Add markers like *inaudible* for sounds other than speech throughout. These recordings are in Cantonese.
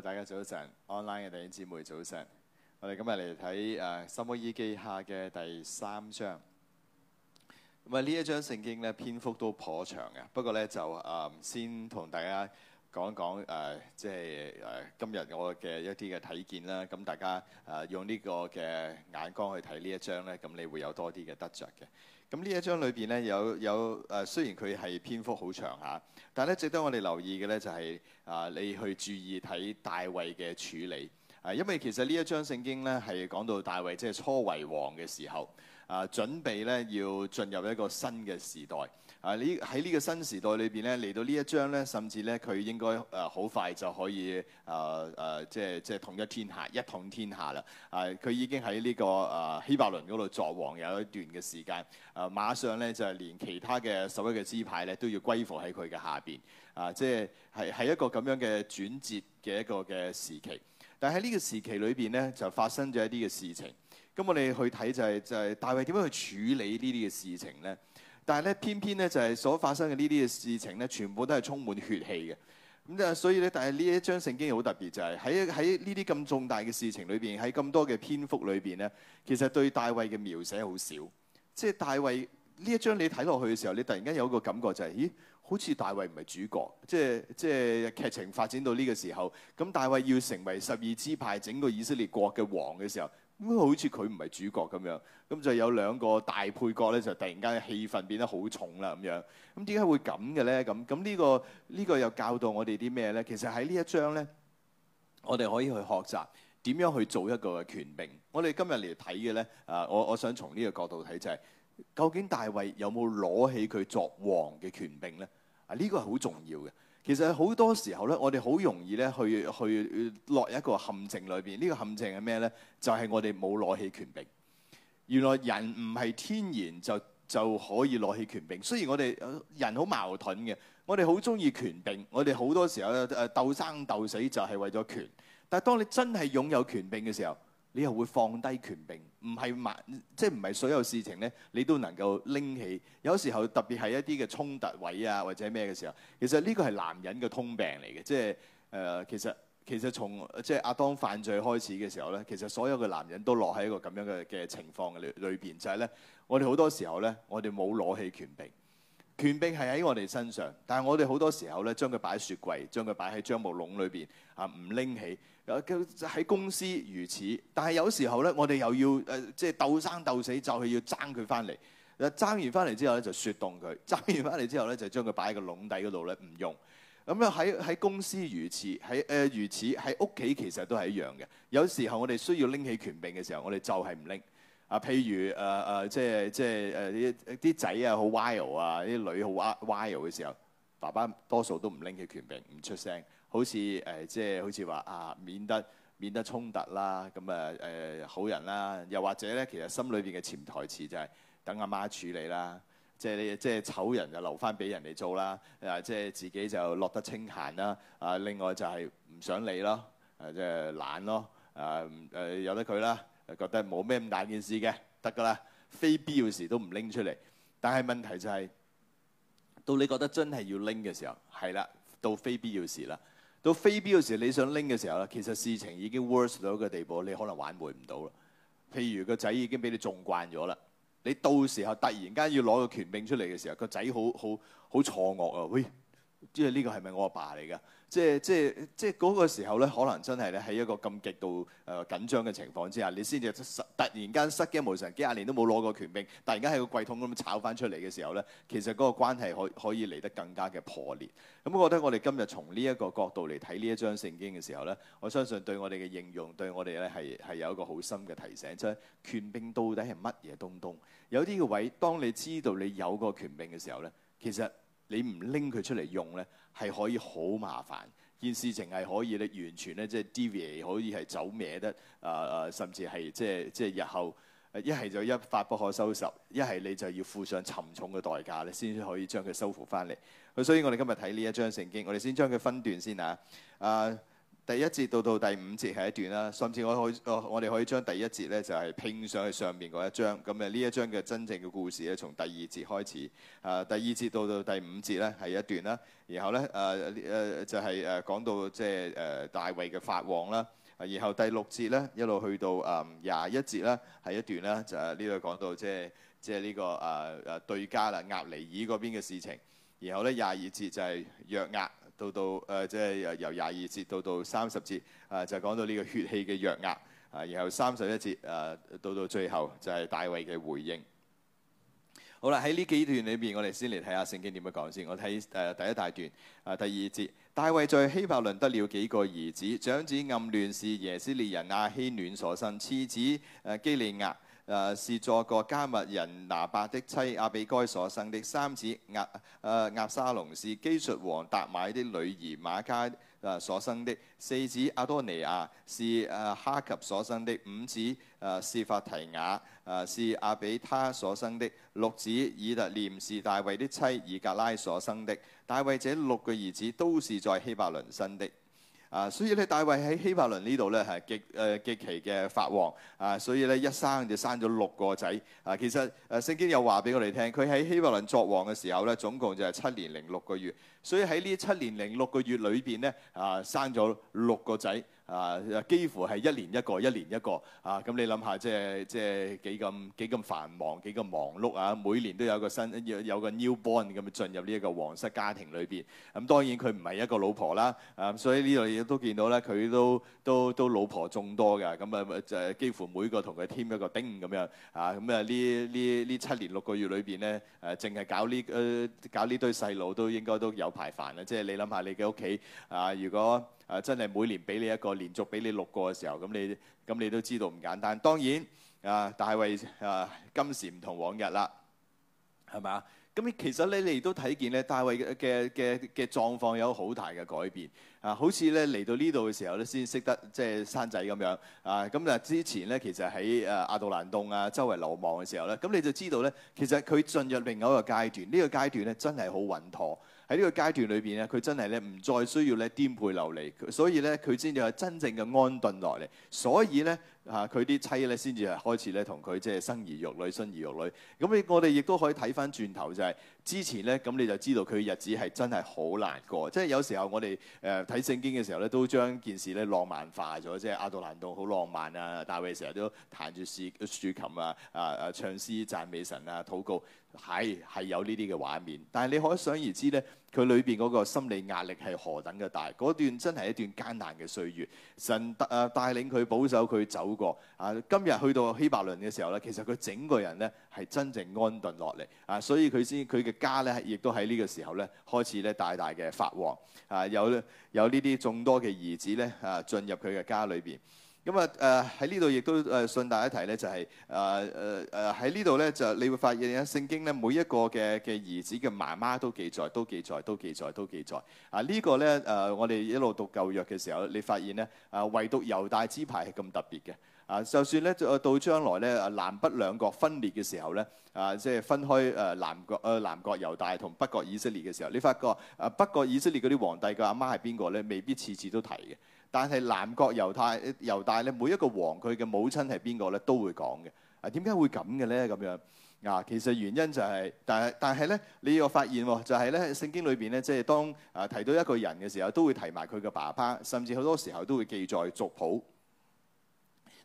大家早晨，online 嘅弟兄姊妹早晨。我哋今日嚟睇誒《撒母耳記下》嘅第三章。咁啊，呢一章聖經咧篇幅都頗長嘅，不過咧就誒、啊、先同大家講講誒，即係誒今日我嘅一啲嘅睇見啦。咁、啊、大家誒用呢個嘅眼光去睇呢一章咧，咁你會有多啲嘅得着嘅。咁呢一章裏邊咧有有誒，雖然佢係篇幅好長吓，但係咧值得我哋留意嘅咧就係、是、啊，你去注意睇大衛嘅處理啊，因為其實呢一章聖經咧係講到大衛即係、就是、初為王嘅時候啊，準備咧要進入一個新嘅時代。啊！呢喺呢個新時代裏邊咧，嚟到呢一章咧，甚至咧佢應該誒好快就可以誒誒，即係即係統一天下一統天下啦！啊，佢已經喺呢、這個誒希、啊、伯倫嗰度作王有一段嘅時間，誒、啊、馬上咧就係、是、連其他嘅十一嘅支派咧都要歸服喺佢嘅下邊，啊，即係係係一個咁樣嘅轉折嘅一個嘅時期。但喺呢個時期裏邊咧，就發生咗一啲嘅事情。咁我哋去睇就係、是、就係、是、大衛點樣去處理呢啲嘅事情咧？但係咧，偏偏咧就係所發生嘅呢啲嘅事情咧，全部都係充滿血氣嘅。咁就所以咧，但係呢一章聖經好特別，就係喺喺呢啲咁重大嘅事情裏邊，喺咁多嘅篇幅裏邊咧，其實對大衛嘅描寫好少。即係大衛呢一章你睇落去嘅時候，你突然間有一個感覺就係，咦？好似大衛唔係主角。即係即係劇情發展到呢個時候，咁大衛要成為十二支派整個以色列國嘅王嘅時候。咁好似佢唔係主角咁樣，咁就有兩個大配角咧，就突然間氣氛變得好重啦。咁樣，咁點解會咁嘅咧？咁咁呢個呢個又教導我哋啲咩咧？其實喺呢一章咧，我哋可以去學習點樣去做一個權柄。我哋今日嚟睇嘅咧，啊，我我想從呢個角度睇就係，究竟大衛有冇攞起佢作王嘅權柄咧？啊，呢個係好重要嘅。其實好多時候咧，我哋好容易咧去去落一個陷阱裏邊。呢個陷阱係咩咧？就係我哋冇攞起權柄。原來人唔係天然就就可以攞起權柄。雖然我哋人好矛盾嘅，我哋好中意權柄，我哋好多時候誒鬥生鬥死就係為咗權。但係當你真係擁有權柄嘅時候，你又會放低權柄，唔係萬，即係唔係所有事情咧，你都能夠拎起。有時候特別係一啲嘅衝突位啊，或者咩嘅時候，其實呢個係男人嘅通病嚟嘅，即係誒、呃，其實其實從即係亞當犯罪開始嘅時候咧，其實所有嘅男人都落喺一個咁樣嘅嘅情況裏裏邊，就係咧，我哋好多時候咧，我哋冇攞起權柄。權柄係喺我哋身上，但係我哋好多時候咧，將佢擺喺雪櫃，將佢擺喺樟木籠裏邊，啊唔拎起。喺公司如此，但係有時候咧，我哋又要誒，即、呃、係、就係、鬥生鬥死，就係要爭佢翻嚟。爭完翻嚟之後咧，就雪凍佢；爭完翻嚟之後咧，就將佢擺喺個籠底嗰度咧，唔用。咁樣喺喺公司如此，喺誒、呃、如此，喺屋企其實都係一樣嘅。有時候我哋需要拎起權柄嘅時候，我哋就係唔拎。啊，譬如誒誒、呃呃，即係即係誒啲啲仔啊，好 wild 啊，啲、呃、女好 wild 嘅時候，爸爸多數都唔拎起權柄，唔出聲，好似誒、呃、即係好似話啊，免得免得衝突啦，咁啊，誒、呃、好人啦，又或者咧，其實心裏邊嘅潛台詞就係等阿媽處理啦，即係你，即係醜人就留翻俾人哋做啦，啊、呃、即係自己就落得清閒啦，啊、呃、另外就係唔想理咯，誒、呃、即係懶咯，啊誒由得佢啦。就覺得冇咩咁大件事嘅，得噶啦，非必要時都唔拎出嚟。但係問題就係、是，到你覺得真係要拎嘅時候，係啦，到非必要時啦，到非必要時你想拎嘅時候啦，其實事情已經 worse 到一個地步，你可能挽回唔到啦。譬如個仔已經俾你縱慣咗啦，你到時候突然間要攞個權柄出嚟嘅時候，個仔好好好錯愕啊！喂、哎，即係呢個係咪我阿爸嚟㗎？即係即係即係嗰個時候咧，可能真係咧喺一個咁極度誒、呃、緊張嘅情況之下，你先至突然間失驚無神，幾廿年都冇攞過權柄，突然間喺個櫃桶咁炒翻出嚟嘅時候咧，其實嗰個關係可以可以嚟得更加嘅破裂。咁、嗯、我覺得我哋今日從呢一個角度嚟睇呢一章聖經嘅時候咧，我相信對我哋嘅應用，對我哋咧係係有一個好深嘅提醒即係、就是、權柄到底係乜嘢東東？有啲個位，當你知道你有個權柄嘅時候咧，其實，你唔拎佢出嚟用呢，係可以好麻煩。件事情係可以咧，完全咧即係 deviate 可以係走歪得，啊、呃、啊，甚至係即係即係日後一係就一發不可收拾，一係你就要付上沉重嘅代價，你先可以將佢收復翻嚟。所以我哋今日睇呢一章聖經，我哋先將佢分段先嚇，啊、呃。第一節到到第五節係一段啦，甚至我可，我我哋可以將第一節咧就係拼上去上面嗰一章，咁啊呢一章嘅真正嘅故事咧從第二節開始，啊第二節到到第五節咧係一段啦，然後咧誒誒就係誒講到即係誒大衛嘅法王啦，然後第六節咧一路去到誒廿一節咧係一段啦，就係呢度講到即係即係呢個誒誒、啊、對家啦，押尼珥嗰邊嘅事情，然後咧廿二節就係約押。到，呃、到到誒，即係由廿二節到到三十節，誒就講到呢個血氣嘅約押，誒、啊、然後三十一節誒到到最後就係、是、大衛嘅回應。好啦，喺呢幾段裏邊，我哋先嚟睇下聖經點樣講先。我睇誒、呃、第一大段誒、呃、第二節，大衛在希伯倫得了幾個兒子，長子暗嫩是耶斯列人亞希暖所生，次子誒基利亞。誒是作過迦密人拿伯的妻阿比該所生的，三子亞誒押沙龍是基術王達買的女兒瑪迦誒、啊、所生的，四子阿多尼亞是誒哈及所生的，五子誒示、啊、法提雅誒是阿比他所生的，六子以特念是大衛的妻以格拉所生的。大衛這六個兒子都是在希伯倫生的。啊，所以咧，大衛喺希伯倫呢度咧，係極誒極其嘅法王。啊，所以咧，一生就生咗六個仔。啊，其實誒聖經又話俾我哋聽，佢喺希伯倫作王嘅時候咧，總共就係七年零六個月。所以喺呢七年零六個月裏邊咧，啊，生咗六個仔。啊！幾乎係一年一個，一年一個啊！咁、嗯、你諗下，即係即係幾咁幾咁繁忙，幾咁忙碌啊！每年都有個新有有個 newborn 咁進入呢一個皇室家庭裏邊。咁、嗯、當然佢唔係一個老婆啦，啊！所以呢度亦都見到咧，佢都都都老婆眾多嘅。咁、嗯、啊，就幾乎每個同佢添一個丁咁樣啊！咁啊，呢呢呢七年六個月裏邊咧，誒、啊，淨係搞呢誒、呃、搞呢堆細路都應該都有排煩啦。即係你諗下，你嘅屋企啊，如果～誒、啊、真係每年俾你一個，連續俾你六個嘅時候，咁你咁你都知道唔簡單。當然，啊大衛啊今時唔同往日啦，係咪啊？咁其實咧，你亦都睇見咧，大衛嘅嘅嘅狀況有好大嘅改變啊！好似咧嚟到呢度嘅時候咧，先識得即係生仔咁樣啊！咁啊之前咧，其實喺誒亞杜蘭洞啊周圍流亡嘅時候咧，咁、啊、你就知道咧，其實佢進入另一個階段，呢、呢個階段咧真係好穩妥。喺呢個階段裏邊咧，佢真係咧唔再需要咧顛沛流離，所以咧佢先至係真正嘅安頓落嚟。所以咧嚇佢啲妻咧先至係開始咧同佢即係生兒育女、生兒育女。咁你我哋亦都可以睇翻轉頭，就係之前咧，咁你就知道佢日子係真係好難過。即係有時候我哋誒睇聖經嘅時候咧，都將件事咧浪漫化咗，即係亞杜蘭洞好浪漫啊！大衛成日都彈住詩、豎琴啊、啊唱詩讚美神啊、禱告。係係有呢啲嘅畫面，但係你可想而知咧，佢裏邊嗰個心理壓力係何等嘅大，嗰段真係一段艱難嘅歲月。神啊帶領佢保守佢走過啊，今日去到希伯倫嘅時候咧，其實佢整個人咧係真正安頓落嚟啊，所以佢先佢嘅家咧亦都喺呢個時候咧開始咧大大嘅發旺啊，有有呢啲眾多嘅兒子咧啊進入佢嘅家裏邊。咁啊誒喺呢度亦都誒順帶一提咧，就係誒誒誒喺呢度咧，就你會發現喺聖經咧每一個嘅嘅兒子嘅媽媽都記載，都記載，都記載，都記載。啊呢個咧誒，我哋一路讀舊約嘅時候，你發現咧啊，唯獨猶大支派係咁特別嘅。啊，就算咧到將來咧南北兩國分裂嘅時候咧啊，即係分開誒南國誒南國猶大同北國以色列嘅時候，你發覺誒北國以色列嗰啲皇帝嘅阿媽係邊個咧？未必次次都提嘅。但係南國猶太猶大咧，每一個王佢嘅母親係邊個咧，都會講嘅。啊，點解會咁嘅咧？咁樣啊，其實原因就係，但係但係咧，你要發現喎，就係咧聖經裏邊咧，即係當啊提到一個人嘅時候，都會提埋佢嘅爸爸，甚至好多時候都會記載族譜。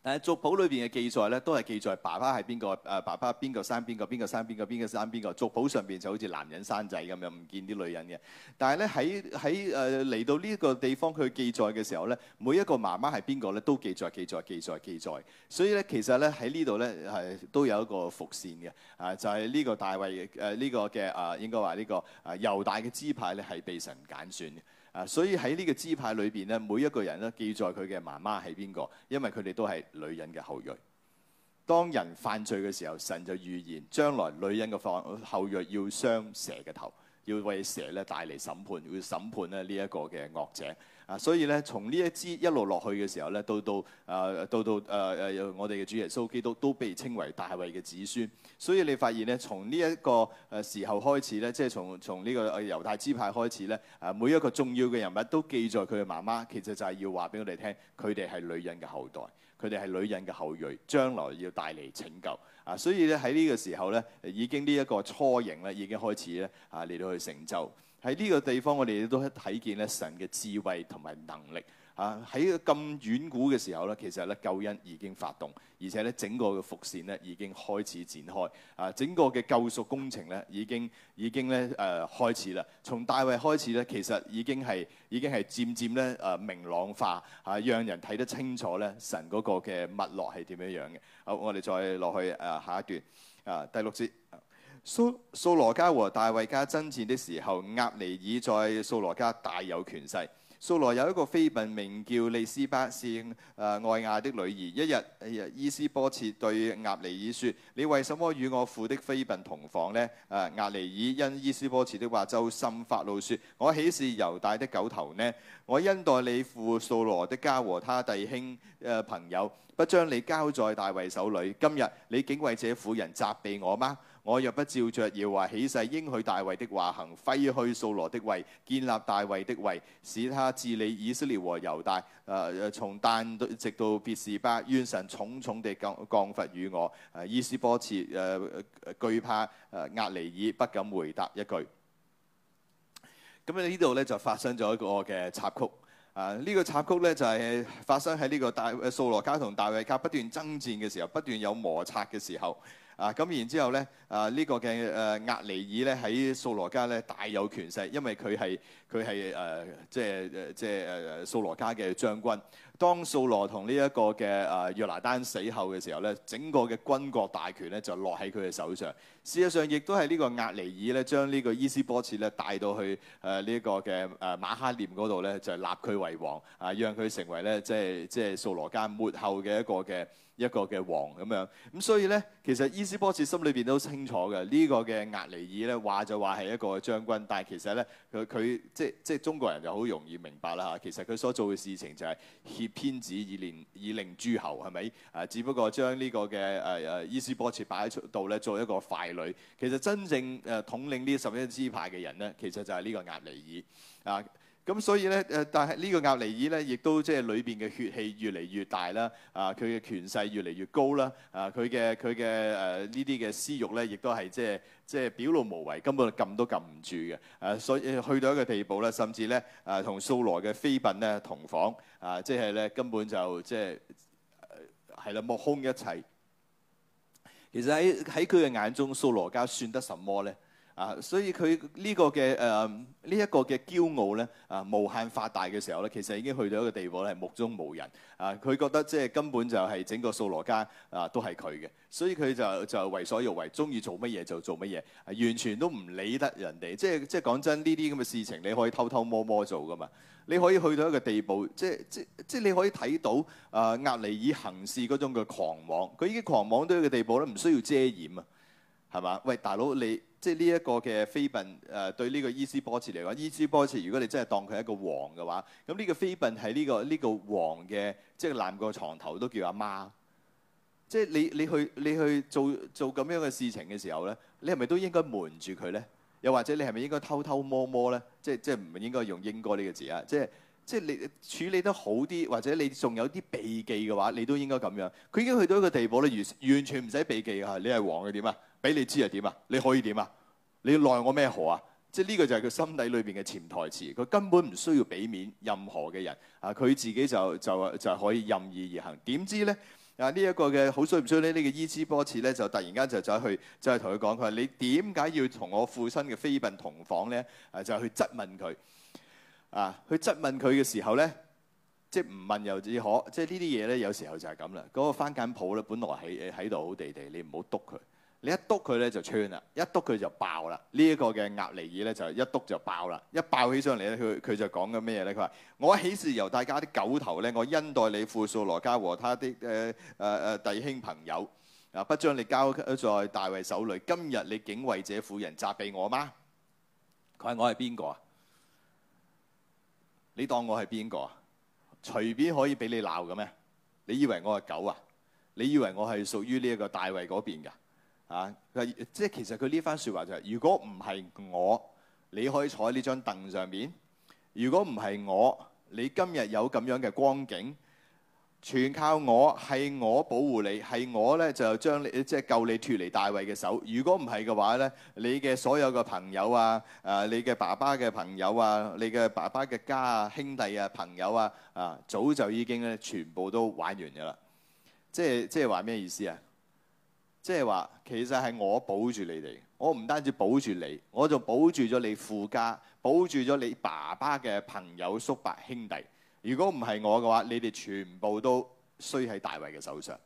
但係族譜裏邊嘅記載咧，都係記載爸爸係邊個？誒、啊、爸爸邊個生邊個？邊個生邊個？邊個生邊個？族譜上邊就好似男人生仔咁樣，唔見啲女人嘅。但係咧喺喺誒嚟到呢個地方去記載嘅時候咧，每一個媽媽係邊個咧都記載記載記載記載。所以咧，其實咧喺呢度咧係都有一個伏線嘅，啊就係、是、呢個大衛誒呢、啊這個嘅啊應該話呢、這個啊猶大嘅支派咧係被神揀選嘅。啊，所以喺呢個支派裏邊咧，每一個人咧記載佢嘅媽媽係邊個，因為佢哋都係女人嘅後裔。當人犯罪嘅時候，神就預言將來女人嘅方後裔要傷蛇嘅頭，要為蛇咧帶嚟審判，要審判咧呢一個嘅惡者。啊，所以咧，從呢一支一路落去嘅時候咧，到到誒、啊，到到誒誒，啊、我哋嘅主耶穌基督都，都被稱為大衞嘅子孫。所以你發現咧，從呢一個誒時候開始咧，即、就、係、是、從從呢個猶太支派開始咧，誒每一個重要嘅人物都記載佢嘅媽媽，其實就係要話俾我哋聽，佢哋係女人嘅後代，佢哋係女人嘅後裔，將來要帶嚟拯救。啊，所以咧喺呢個時候咧，已經呢一個雛形咧已經開始咧啊嚟到去成就。喺呢個地方，我哋都睇見咧神嘅智慧同埋能力嚇。喺咁遠古嘅時候咧，其實咧救恩已經發動，而且咧整個嘅伏線咧已經開始展開啊！整個嘅救贖工程咧已經已經咧誒開始啦。從大衛開始咧，其實已經係已經係漸漸咧誒明朗化嚇，讓人睇得清楚咧神嗰個嘅脈絡係點樣樣嘅。好，我哋再落去誒下一段啊，第六節。掃掃羅家和大衛家爭戰的時候，押尼珥在掃羅家大有權勢。掃羅有一個妃嬪名叫利斯巴，是、呃、誒愛亞的女兒。一日，伊施波設對押尼珥說：你為什麼與我父的妃嬪同房呢？誒、呃，押尼珥因伊施波設的話就甚發怒說：我豈是猶大的狗頭呢？我恩待你父掃羅的家和他弟兄誒、呃、朋友，不將你交在大衛手裏。今日你竟為這婦人責備我嗎？我若不照着耶和華起誓應許大衛的話行，廢去掃羅的位，建立大衛的位，使他治理以色列和猶大，誒、呃、誒，從但直到別是巴，願神重重地降降罰與我。伊斯波茨誒懼、呃呃、怕，誒、呃、押尼珥不敢回答一句。咁啊呢度咧就發生咗一個嘅插曲。啊、呃、呢、這個插曲咧就係、是、發生喺呢個大誒掃羅家同大衛家不斷爭戰嘅時候，不斷有摩擦嘅時候。啊！咁然之後咧，啊、這、呢個嘅誒亞尼爾咧喺掃羅家咧大有權勢，因為佢係佢係誒即係誒即係誒掃羅家嘅將軍。當掃羅同呢一個嘅誒約拿單死後嘅時候咧，整個嘅軍國大權咧就落喺佢嘅手上。事實上亦都係呢個亞尼爾咧將呢個伊斯波切咧帶到去誒呢一個嘅誒瑪哈念嗰度咧就立佢為王啊，讓佢成為咧即係即係掃羅家末後嘅一個嘅一個嘅王咁樣。咁所以咧，其實伊斯波切心裏邊都清楚嘅，呢、這個嘅亞尼爾咧話就話係一個將軍，但係其實咧佢佢即係即係中國人就好容易明白啦吓，其實佢所做嘅事情就係協。天子以令以令諸侯係咪？誒、啊，只不過將呢個嘅誒誒伊施波設擺喺度咧，作一個傀儡。其實真正誒、啊、統領呢十一支派嘅人咧，其實就係呢個押尼珥。啊。咁所以咧，誒，但係呢個押尼珥咧，亦都即係裏邊嘅血氣越嚟越大啦，啊，佢嘅權勢越嚟越高啦，啊，佢嘅佢嘅誒呢啲嘅私欲咧，亦都係即係即係表露無遺，根本撳都撳唔住嘅，誒、啊，所以去到一個地步咧，甚至咧，誒、啊，同掃羅嘅妃嬪咧同房，啊，即係咧根本就即係係啦，目空一切。其實喺喺佢嘅眼中，掃羅家算得什麼咧？啊，所以佢呢個嘅誒呢一個嘅驕傲咧，啊，無限發大嘅時候咧，其實已經去到一個地步咧，係目中無人啊！佢覺得即係根本就係整個掃羅家啊都係佢嘅，所以佢就就為所欲為，中意做乜嘢就做乜嘢，啊，完全都唔理得人哋。即係即係講真，呢啲咁嘅事情你可以偷偷摸摸做噶嘛，你可以去到一個地步，即係即即你可以睇到啊押尼珥行事嗰種嘅狂妄，佢已經狂妄到一個地步咧，唔需要遮掩啊！係嘛？喂，大佬，你即係呢一個嘅菲賓誒對呢個伊斯波茨嚟講，伊斯波茨，如果你真係當佢係一個王嘅話，咁呢個菲賓喺呢個呢、這個王嘅，即係攬個床頭都叫阿媽。即係你你去你去做做咁樣嘅事情嘅時候咧，你係咪都應該瞞住佢咧？又或者你係咪應該偷偷摸摸咧？即係即係唔應該用應該呢個字啊？即係即係你處理得好啲，或者你仲有啲避忌嘅話，你都應該咁樣。佢已經去到一個地步咧，完完全唔使避忌㗎。你係王嘅點啊？俾你知係點啊？你可以點啊？你奈我咩何啊？即係呢個就係佢心底裏邊嘅潛台詞。佢根本唔需要俾面任何嘅人啊，佢自己就就就係可以任意而行。點知咧啊？這個壞壞這個、呢一個嘅好衰唔衰咧？呢個伊施波設咧就突然間就走去就係同佢講：佢話你點解要同我父親嘅妃嬪同房咧？啊，就去質問佢啊。去質問佢嘅時候咧，即係唔問又亦可。即係呢啲嘢咧，有時候就係咁啦。嗰、那個翻緊鋪咧，本來喺喺度好地地，你唔好督佢。你一督佢咧就穿啦，一督佢就爆啦。呢、這、一個嘅鴨脷耳咧就一督，就爆啦。一爆起上嚟咧，佢佢就講緊咩咧？佢話我豈是猶大嘅狗頭咧，我恩待你父掃羅嘅家和他啲誒誒誒弟兄朋友啊，不將你交在大衛手裏。今日你竟為這婦人責備我嗎？佢話我係邊個啊？你當我係邊個啊？隨便可以俾你鬧嘅咩？你以為我係狗啊？你以為我係屬於呢一個大衛嗰邊噶？啊！佢即係其實佢呢番説話就係：如果唔係我，你可以坐喺呢張凳上面；如果唔係我，你今日有咁樣嘅光景，全靠我，係我保護你，係我咧就將你即係救你脱離大衛嘅手。如果唔係嘅話咧，你嘅所有嘅朋友啊、啊你嘅爸爸嘅朋友啊、你嘅爸爸嘅家啊、兄弟啊、朋友啊，啊早就已經咧全部都玩完嘅啦。即係即係話咩意思啊？即係話，其實係我保住你哋，我唔單止保住你，我就保住咗你父家，保住咗你爸爸嘅朋友、叔伯、兄弟。如果唔係我嘅話，你哋全部都衰喺大衛嘅手上。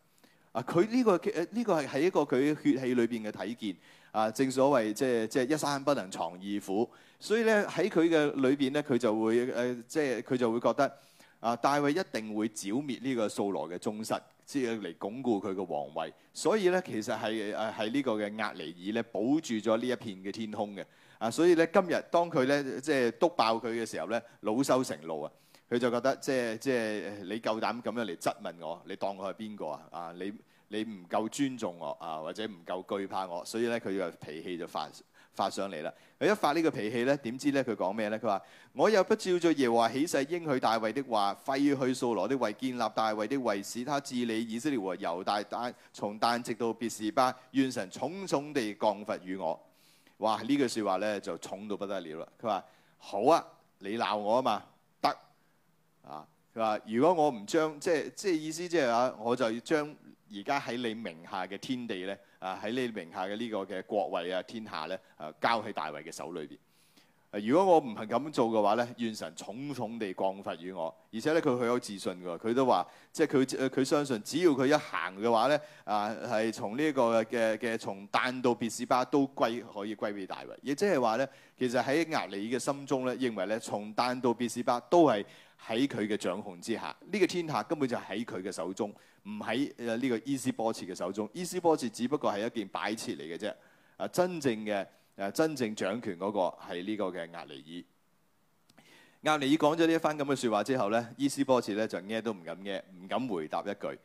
啊，佢呢個誒呢個，啊個係喺一個佢血氣裏邊嘅體見。啊，正所謂即係即係一山不能藏二虎，所以咧喺佢嘅裏邊咧，佢就會誒即係佢就會覺得。啊！大衛一定會剿滅呢個掃羅嘅宗室，即係嚟鞏固佢嘅皇位。所以咧，其實係誒係呢個嘅押尼珥咧，保住咗呢一片嘅天空嘅。啊，所以咧，今日當佢咧即係篤爆佢嘅時候咧，老羞成怒啊！佢就覺得即係即係你夠膽咁樣嚟質問我，你當我係邊個啊？啊，你你唔夠尊重我啊，或者唔夠懼怕我，所以咧佢個脾氣就發。發上嚟啦！佢一發呢個脾氣咧，點知咧佢講咩咧？佢話我又不照着耶和華起誓應許大衛的話，廢去掃羅的位，建立大衛的位，使他治理以色列和猶大，但從但直到別是巴，願神重重地降罰於我。哇！呢句說話咧就重到不得了啦！佢話好啊，你鬧我啊嘛，得啊！佢話如果我唔將，即係即係意思即係話，我就要將。而家喺你名下嘅天地咧，啊喺你名下嘅呢個嘅國位啊天下咧，啊交喺大衛嘅手裏邊。如果我唔係咁做嘅話咧，願神重重地降罰於我。而且咧，佢好有自信㗎，佢都、就是、話，即係佢佢相信，只要佢一行嘅話咧，啊係從呢個嘅嘅從但到別是巴都歸可以歸俾大衛。亦即係話咧，其實喺押尼珥嘅心中咧，認為咧從但到別是巴都係喺佢嘅掌控之下，呢、這個天下根本就喺佢嘅手中。唔喺呢個伊施波設嘅手中，伊施波設只不過係一件擺設嚟嘅啫。啊，真正嘅，誒，真正掌權嗰個係呢個嘅押尼珥。押尼珥講咗呢一番咁嘅説話之後咧，伊施波設咧就咩都唔敢嘅，唔敢回答一句。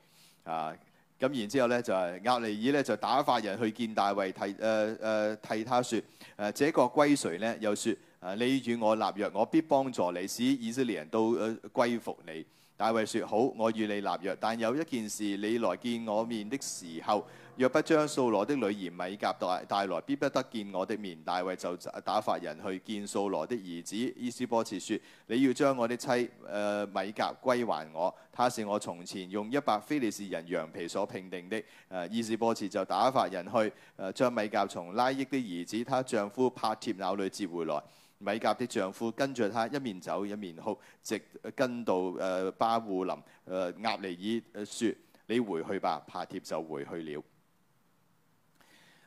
啊，咁然之後咧就係押尼珥咧就打發人去見大衛，替誒誒替他説，誒、啊、這個歸誰咧？又説，誒、啊、你與我立約，我必幫助你，使以色列人都誒歸、呃、服你。大衛說：好，我與你立約，但有一件事，你來見我面的時候，若不將掃羅的女兒米甲帶帶來，必不得見我的面。大衛就打發人去見掃羅的兒子伊施波設說：你要將我的妻誒、呃、米甲歸還我，他是我從前用一百非利士人羊皮所聘定的。誒、啊，伊施波設就打發人去誒將、啊、米甲從拉億的兒子她丈夫帕帖那裏接回來。米甲的丈夫跟著他一面走一面哭，直跟到誒巴戶林，誒押尼珥説：你回去吧。帕鐵就回去了。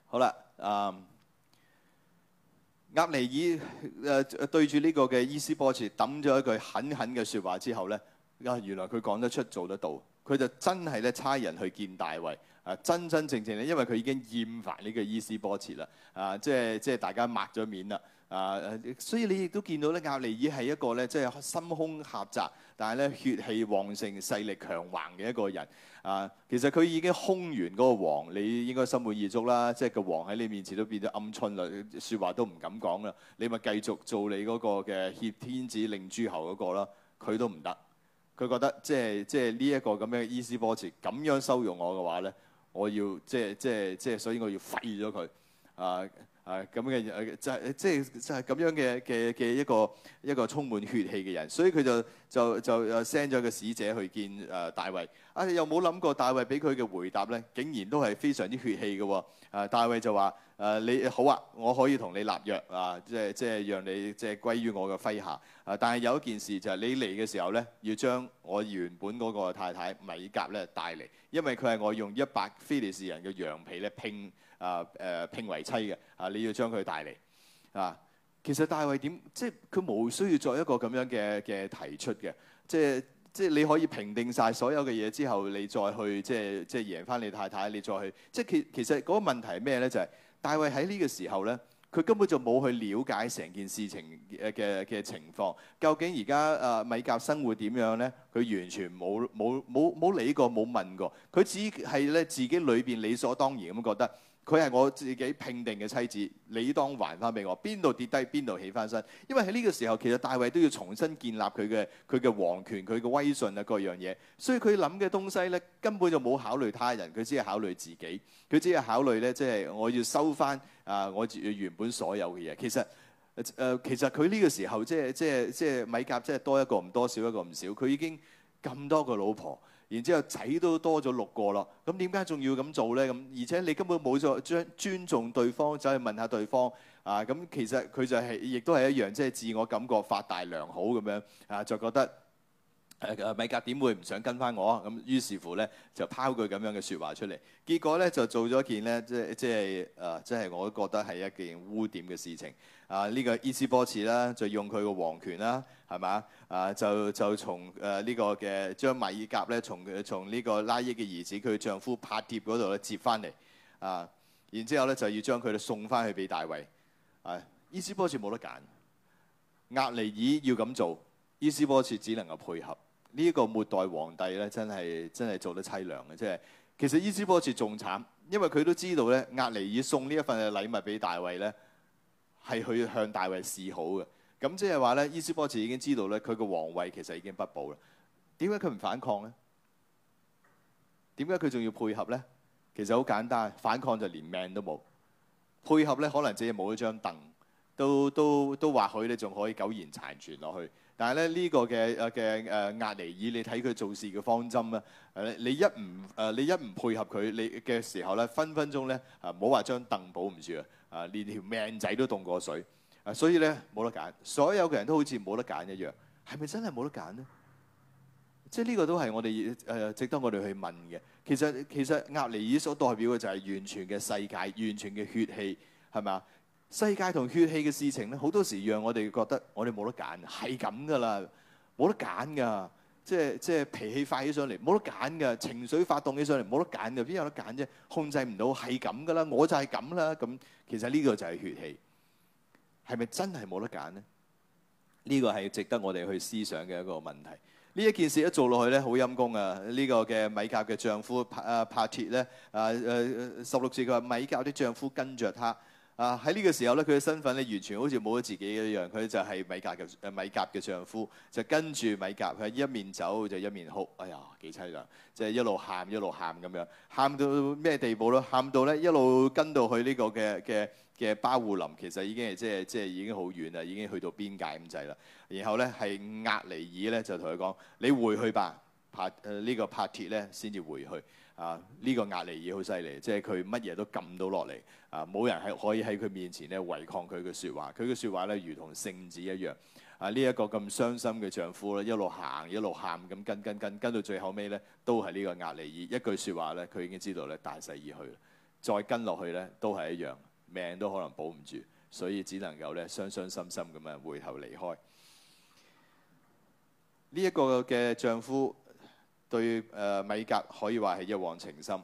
好啦，押尼珥誒對住呢個嘅伊施波設揼咗一句狠狠嘅説話之後咧、呃，原來佢講得出做得到，佢就真係咧差人去見大衛，誒、啊、真真正正咧，因為佢已經厭煩呢個伊施波設啦，啊即係即係大家抹咗面啦。啊，uh, 所以你亦都見到咧，押尼珥係一個咧，即係心胸狹窄，但係咧血氣旺盛、勢力強橫嘅一個人。啊、uh，其實佢已經兇完嗰個王，你應該心滿意足啦。即係個王喺你面前都變咗鵪鶉啦，説話都唔敢講啦。你咪繼續做你嗰個嘅挾天子、那個、令諸侯嗰個啦。佢都唔得，佢覺得即係即係呢一個咁樣伊施波設咁樣羞辱我嘅話咧，我要即係即係即係，所以我要廢咗佢啊。Uh, 啊，咁嘅就係即係就係、是、咁樣嘅嘅嘅一個一個充滿血氣嘅人，所以佢就就就 send 咗個使者去見誒大衛。啊，又冇諗過大衛俾佢嘅回答咧，竟然都係非常之血氣嘅喎。大衛就話誒、啊、你好啊，我可以同你立約啊，即係即係讓你即係、就是、歸於我嘅麾下。啊，但係有一件事就係你嚟嘅時候咧，要將我原本嗰個太太米甲咧帶嚟。因為佢係我用一百非利士人嘅陽皮咧聘啊誒、呃呃、聘為妻嘅啊，你要將佢帶嚟啊。其實大衛點即係佢冇需要作一個咁樣嘅嘅提出嘅，即係即係你可以平定晒所有嘅嘢之後，你再去即係即係贏返你太太，你再去即係其其實嗰個問題係咩咧？就係、是、大衛喺呢個時候咧。佢根本就冇去了解成件事情嘅嘅情況。究竟而家誒，米甲生活點樣咧？佢完全冇冇冇冇理過、冇問過。佢只係咧自己裏邊理所當然咁覺得。佢係我自己聘定嘅妻子，你當還翻俾我，邊度跌低，邊度起翻身。因為喺呢個時候，其實大衛都要重新建立佢嘅佢嘅王權、佢嘅威信啊各樣嘢。所以佢諗嘅東西咧，根本就冇考慮他人，佢只係考慮自己，佢只係考慮咧，即係我要收翻啊！我自原本所有嘅嘢，其實誒，呃，其實佢呢個時候，即係即係即係米甲，即係多一個唔多，少一個唔少，佢已經咁多個老婆。然之後仔都多咗六個啦，咁點解仲要咁做咧？咁而且你根本冇咗將尊重對方，走去問下對方啊！咁其實佢就係亦都係一樣，即係自我感覺發大良好咁樣啊，就覺得誒、啊、米格點會唔想跟翻我？咁、啊、於是乎咧就拋佢咁樣嘅説話出嚟，結果咧就做咗件咧即即係誒即係我覺得係一件污點嘅事情啊！呢個伊斯波茨啦，就用佢個皇權啦。係咪、這個？啊，就就從誒呢個嘅將米甲咧，從從呢個拉億嘅兒子佢丈夫帕鐵嗰度咧接翻嚟啊，然之後咧就要將佢哋送翻去俾大衛啊。伊施波設冇得揀，押尼珥要咁做，伊施波設只能夠配合呢一、這個末代皇帝咧，真係真係做得凄涼嘅，即係其實伊施波設仲慘，因為佢都知道咧，押尼珥送呢一份禮物俾大衛咧係去向大衛示好嘅。咁即係話咧，伊施波設已經知道咧，佢個皇位其實已經不保啦。點解佢唔反抗咧？點解佢仲要配合咧？其實好簡單，反抗就連命都冇。配合咧，可能只係冇咗張凳，都都都或許咧，仲可以苟延殘喘落去。但係咧，呢、這個嘅嘅誒押尼珥，你睇佢做事嘅方針啦。誒，你一唔誒，你一唔配合佢，你嘅時候咧，分分鐘咧，啊，唔好話張凳保唔住啊，啊，連條命仔都凍過水。啊，所以咧，冇得揀，所有嘅人都好似冇得揀一樣，係咪真係冇得揀呢？即係呢個都係我哋誒、呃，值得我哋去問嘅。其實其實押尼珥所代表嘅就係完全嘅世界，完全嘅血氣係咪啊？世界同血氣嘅事情咧，好多時讓我哋覺得我哋冇得揀，係咁噶啦，冇得揀噶，即係即係脾氣發起上嚟冇得揀噶，情緒發動起上嚟冇得揀噶，邊有得揀啫？控制唔到係咁噶啦，我就係咁啦。咁其實呢個就係血氣。係咪真係冇得揀呢？呢個係值得我哋去思想嘅一個問題。呢一件事一做落去咧，好陰功啊！呢個嘅米甲嘅丈夫帕啊，帕鐵咧，啊誒十六節佢話米甲啲丈夫跟著他啊，喺呢個時候咧，佢嘅身份咧完全好似冇咗自己一樣，佢就係米甲嘅米甲嘅丈夫，就跟住米甲。佢一面走就一面哭，哎呀幾凄涼，即係一路喊一路喊咁樣，喊到咩地步咧？喊到咧一路跟到去呢個嘅嘅。嘅巴戶琳其實已經係即係即係已經好遠啦，已經去到邊界咁滯啦。然後咧係押尼珥咧就同佢講：你回去吧，帕誒、這個、呢個帕鐵咧先至回去啊！呢、這個押尼珥好犀利，即係佢乜嘢都撳到落嚟啊！冇人係可以喺佢面前咧違抗佢嘅説話。佢嘅説話咧如同聖旨一樣啊！呢、這、一個咁傷心嘅丈夫咧一路行一路喊咁跟跟跟跟到最後尾咧，都係呢個押尼珥一句説話咧，佢已經知道咧大勢已去，再跟落去咧都係一樣。命都可能保唔住，所以只能夠咧傷傷心心咁樣回頭離開呢一個嘅丈夫對誒、呃、米甲可以話係一往情深。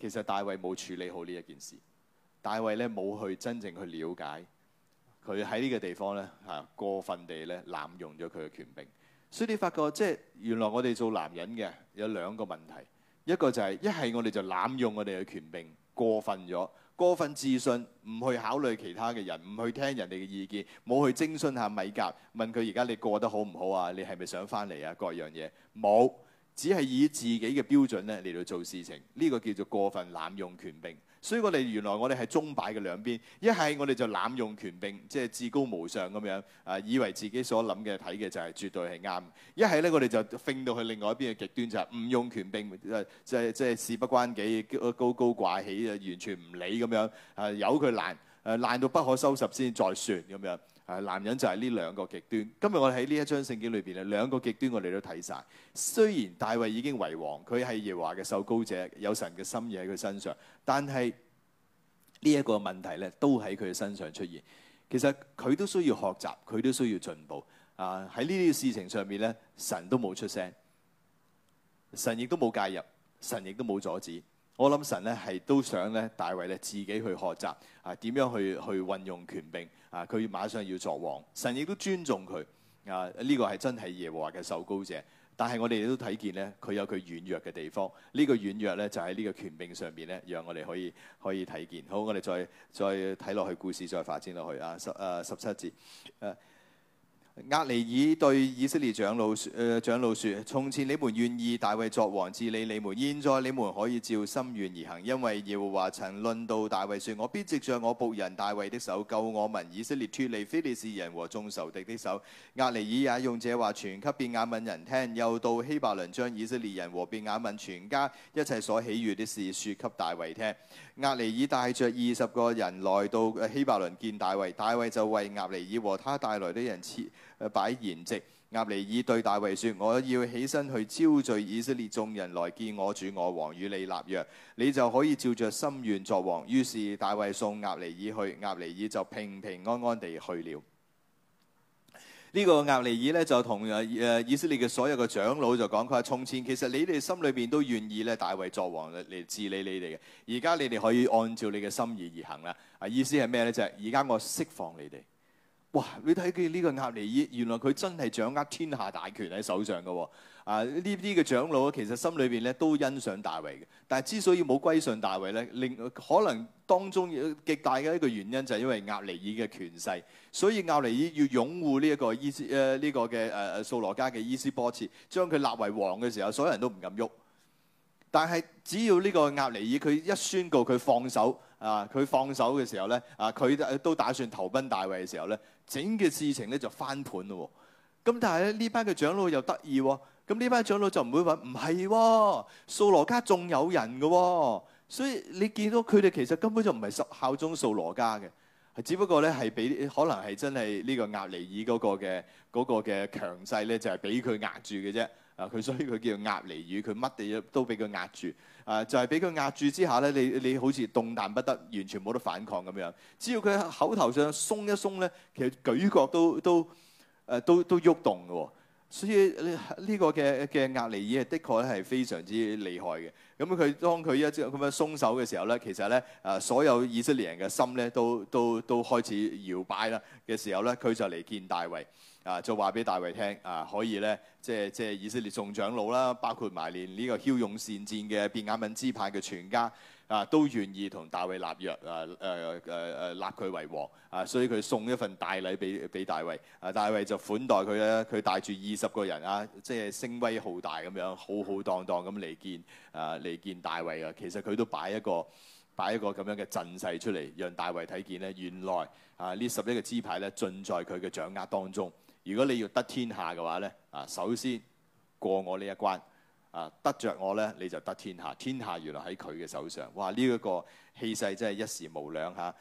其實大衛冇處理好呢一件事，大衛咧冇去真正去了解佢喺呢個地方咧嚇、啊、過分地咧濫用咗佢嘅權柄，所以你發覺即係原來我哋做男人嘅有兩個問題，一個就係一係我哋就濫用我哋嘅權柄過分咗。過分自信，唔去考慮其他嘅人，唔去聽人哋嘅意見，冇去徵詢下米甲，問佢而家你過得好唔好啊？你係咪想翻嚟啊？各樣嘢冇，只係以自己嘅標準咧嚟到做事情，呢個叫做過分濫用權柄。所以我哋原來我哋係鐘擺嘅兩邊，一係我哋就濫用權柄，即係至高無上咁樣，啊以為自己所諗嘅睇嘅就係、是、絕對係啱；一係咧我哋就揈到去另外一邊嘅極端，就係、是、唔用權柄，即係即係事不關己，高高掛起，完全唔理咁樣，啊由佢爛，啊爛到不可收拾先再算咁樣。係男人就係呢兩個極端。今日我哋喺呢一章聖經裏邊咧，兩個極端我哋都睇晒。雖然大衛已經為王，佢係耶和華嘅受膏者，有神嘅心意喺佢身上，但係呢一個問題咧，都喺佢嘅身上出現。其實佢都需要學習，佢都需要進步。啊，喺呢啲事情上面咧，神都冇出聲，神亦都冇介入，神亦都冇阻止。我諗神咧係都想咧大衛咧自己去學習啊，點樣去去運用權柄啊？佢馬上要作王，神亦都尊重佢啊！呢個係真係耶和華嘅受膏者。但係我哋亦都睇見咧，佢有佢軟弱嘅地方。呢個軟弱咧就喺呢個權柄上邊咧，讓我哋可以可以睇見。好，我哋再再睇落去故事，再發展落去啊。十誒十七節誒。啊押尼珥對以色列長老說：誒、呃，長老說，從前你們願意大衛作王治理你們，現在你們可以照心願而行，因為耶和華曾論到大衛說：我必藉著我僕人大衛的手救我民以色列脫離非利士人和眾仇敵的手。押尼珥也用這話傳給便雅憫人聽，又到希伯崙將以色列人和便雅憫全家一切所喜悅的事說給大衛聽。押尼珥帶着二十個人來到希伯崙見大衛，大衛就為押尼珥和他帶來的人。誒，擺筵席，押尼珥對大衛說：我要起身去招聚以色列眾人來見我主我王與你立約，你就可以照着心願作王。於是大衛送押尼珥去，押尼珥就平平安安地去了。呢、這個押尼珥呢，就同誒誒以色列嘅所有嘅長老就講：佢話從前其實你哋心裏邊都願意咧大衛作王嚟治理你哋嘅，而家你哋可以按照你嘅心意而行啦。啊意思係咩呢？就係而家我釋放你哋。哇！你睇佢呢個押尼珥，原來佢真係掌握天下大權喺手上噶。啊，呢啲嘅長老其實心裏邊咧都欣賞大衛嘅，但係之所以冇歸順大衛咧，令可能當中極大嘅一個原因就係因為押尼珥嘅權勢。所以押尼珥要擁護呢、這、一個伊斯誒呢個嘅誒掃羅家嘅伊施波設，將佢立為王嘅時候，所有人都唔敢喐。但係只要呢個押尼珥佢一宣告佢放手啊，佢放手嘅時候咧啊，佢都打算投奔大衛嘅時候咧。整嘅事情咧就翻盤咯喎，咁但係咧呢班嘅長老又得意喎，咁呢班長老就唔會話唔係喎，掃羅家仲有人嘅喎、啊，所以你見到佢哋其實根本就唔係效忠掃羅家嘅，係只不過咧係俾可能係真係呢個押尼珥嗰個嘅嗰嘅強勢咧就係俾佢壓住嘅啫，啊，佢所以佢叫押尼珥，佢乜嘢都俾佢壓住。啊！就係俾佢壓住之下咧，你你好似動彈不得，完全冇得反抗咁樣。只要佢口頭上鬆一鬆咧，其實舉腳都都誒都都喐動㗎喎。所以呢、這個嘅嘅壓力依係的確係、這個、非常之厲害嘅。咁佢當佢一咁樣鬆手嘅時候咧，其實咧啊，所有以色列人嘅心咧都都都，都開始搖擺啦嘅時候咧，佢就嚟見大衛。啊，就話俾大衛聽，啊可以咧，即係即係以色列眾長老啦，包括埋連呢個驍勇善戰嘅便雅憫支派嘅全家，啊都願意同大衛立約，啊誒誒誒立佢為王，啊所以佢送一份大禮俾俾大衛，啊大衛就款待佢咧，佢帶住二十個人啊，即係聲威浩大咁樣，浩浩蕩蕩咁嚟見啊嚟見大衛啊，其實佢都擺一個擺一個咁樣嘅陣勢出嚟，讓大衛睇見咧，原來啊呢十一個支派咧盡在佢嘅掌握當中。如果你要得天下嘅話咧，啊，首先過我呢一關啊，得着我咧，你就得天下，天下原來喺佢嘅手上。哇！呢一個氣勢真係一時無兩嚇。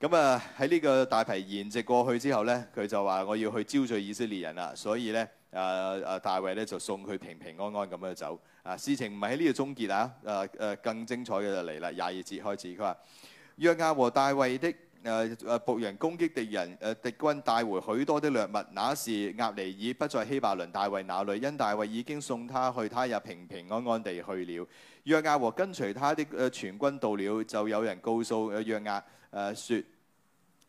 咁啊喺呢個大批筵席過去之後咧，佢就話我要去招聚以色列人啦，所以咧，啊啊大衛咧就送佢平平安安咁樣走。啊，事情唔係喺呢度終結啊，誒誒更精彩嘅就嚟啦，廿二節開始佢話約押和大衛的。誒誒、呃，僕人攻擊敵人，誒敵軍帶回許多的掠物。那時押尼珥不在希伯倫大衛那裏，因大衛已經送他去，他也平平安安地去了。約押和跟隨他的誒、呃、全軍到了，就有人告訴約押誒說：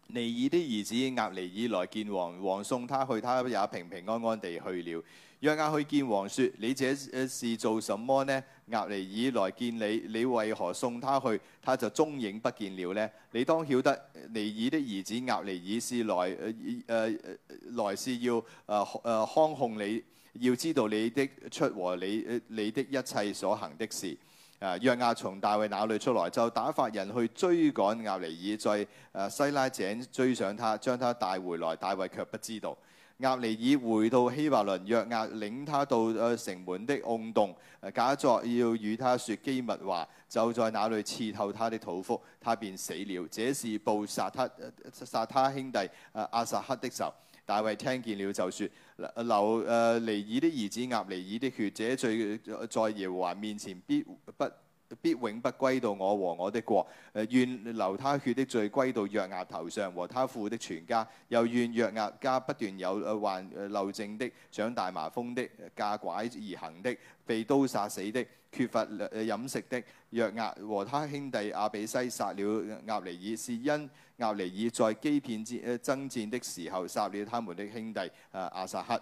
尼珥的兒子押尼珥來見王，王送他去，他也平平安安地去了。約押去見王說：你這是做什麼呢？押尼珥來見你，你為何送他去？他就蹤影不見了呢。」你當曉得，尼珥，的兒子押尼珥是來、啊、來是要誒誒誆哄你，要知道你的出和你你的一切所行的事。啊，約押從大衛那裏出來，就打發人去追趕押尼珥，在、啊、西拉井追上他，將他帶回來。大衛卻不知道。押尼珥回到希伯崙，約押，領他到誒城門的甕洞，假作要與他說機密話，就在那裏刺透他的肚腹，他便死了。這是報殺他殺他兄弟亞撒黑的仇。大衛聽見了，就說：留誒、呃、尼爾的兒子押尼珥的血，這罪在耶和華面前必不。必永不歸到我和我的國。願流他血的罪歸到約押頭上和他父的全家。又願約押家不斷有患漏症的、長大麻風的、架拐而行的、被刀殺死的、缺乏飲食的。約押和他兄弟亞比篩殺了押尼珥，是因押尼珥在基遍戰爭戰的時候殺了他們的兄弟亞撒黑。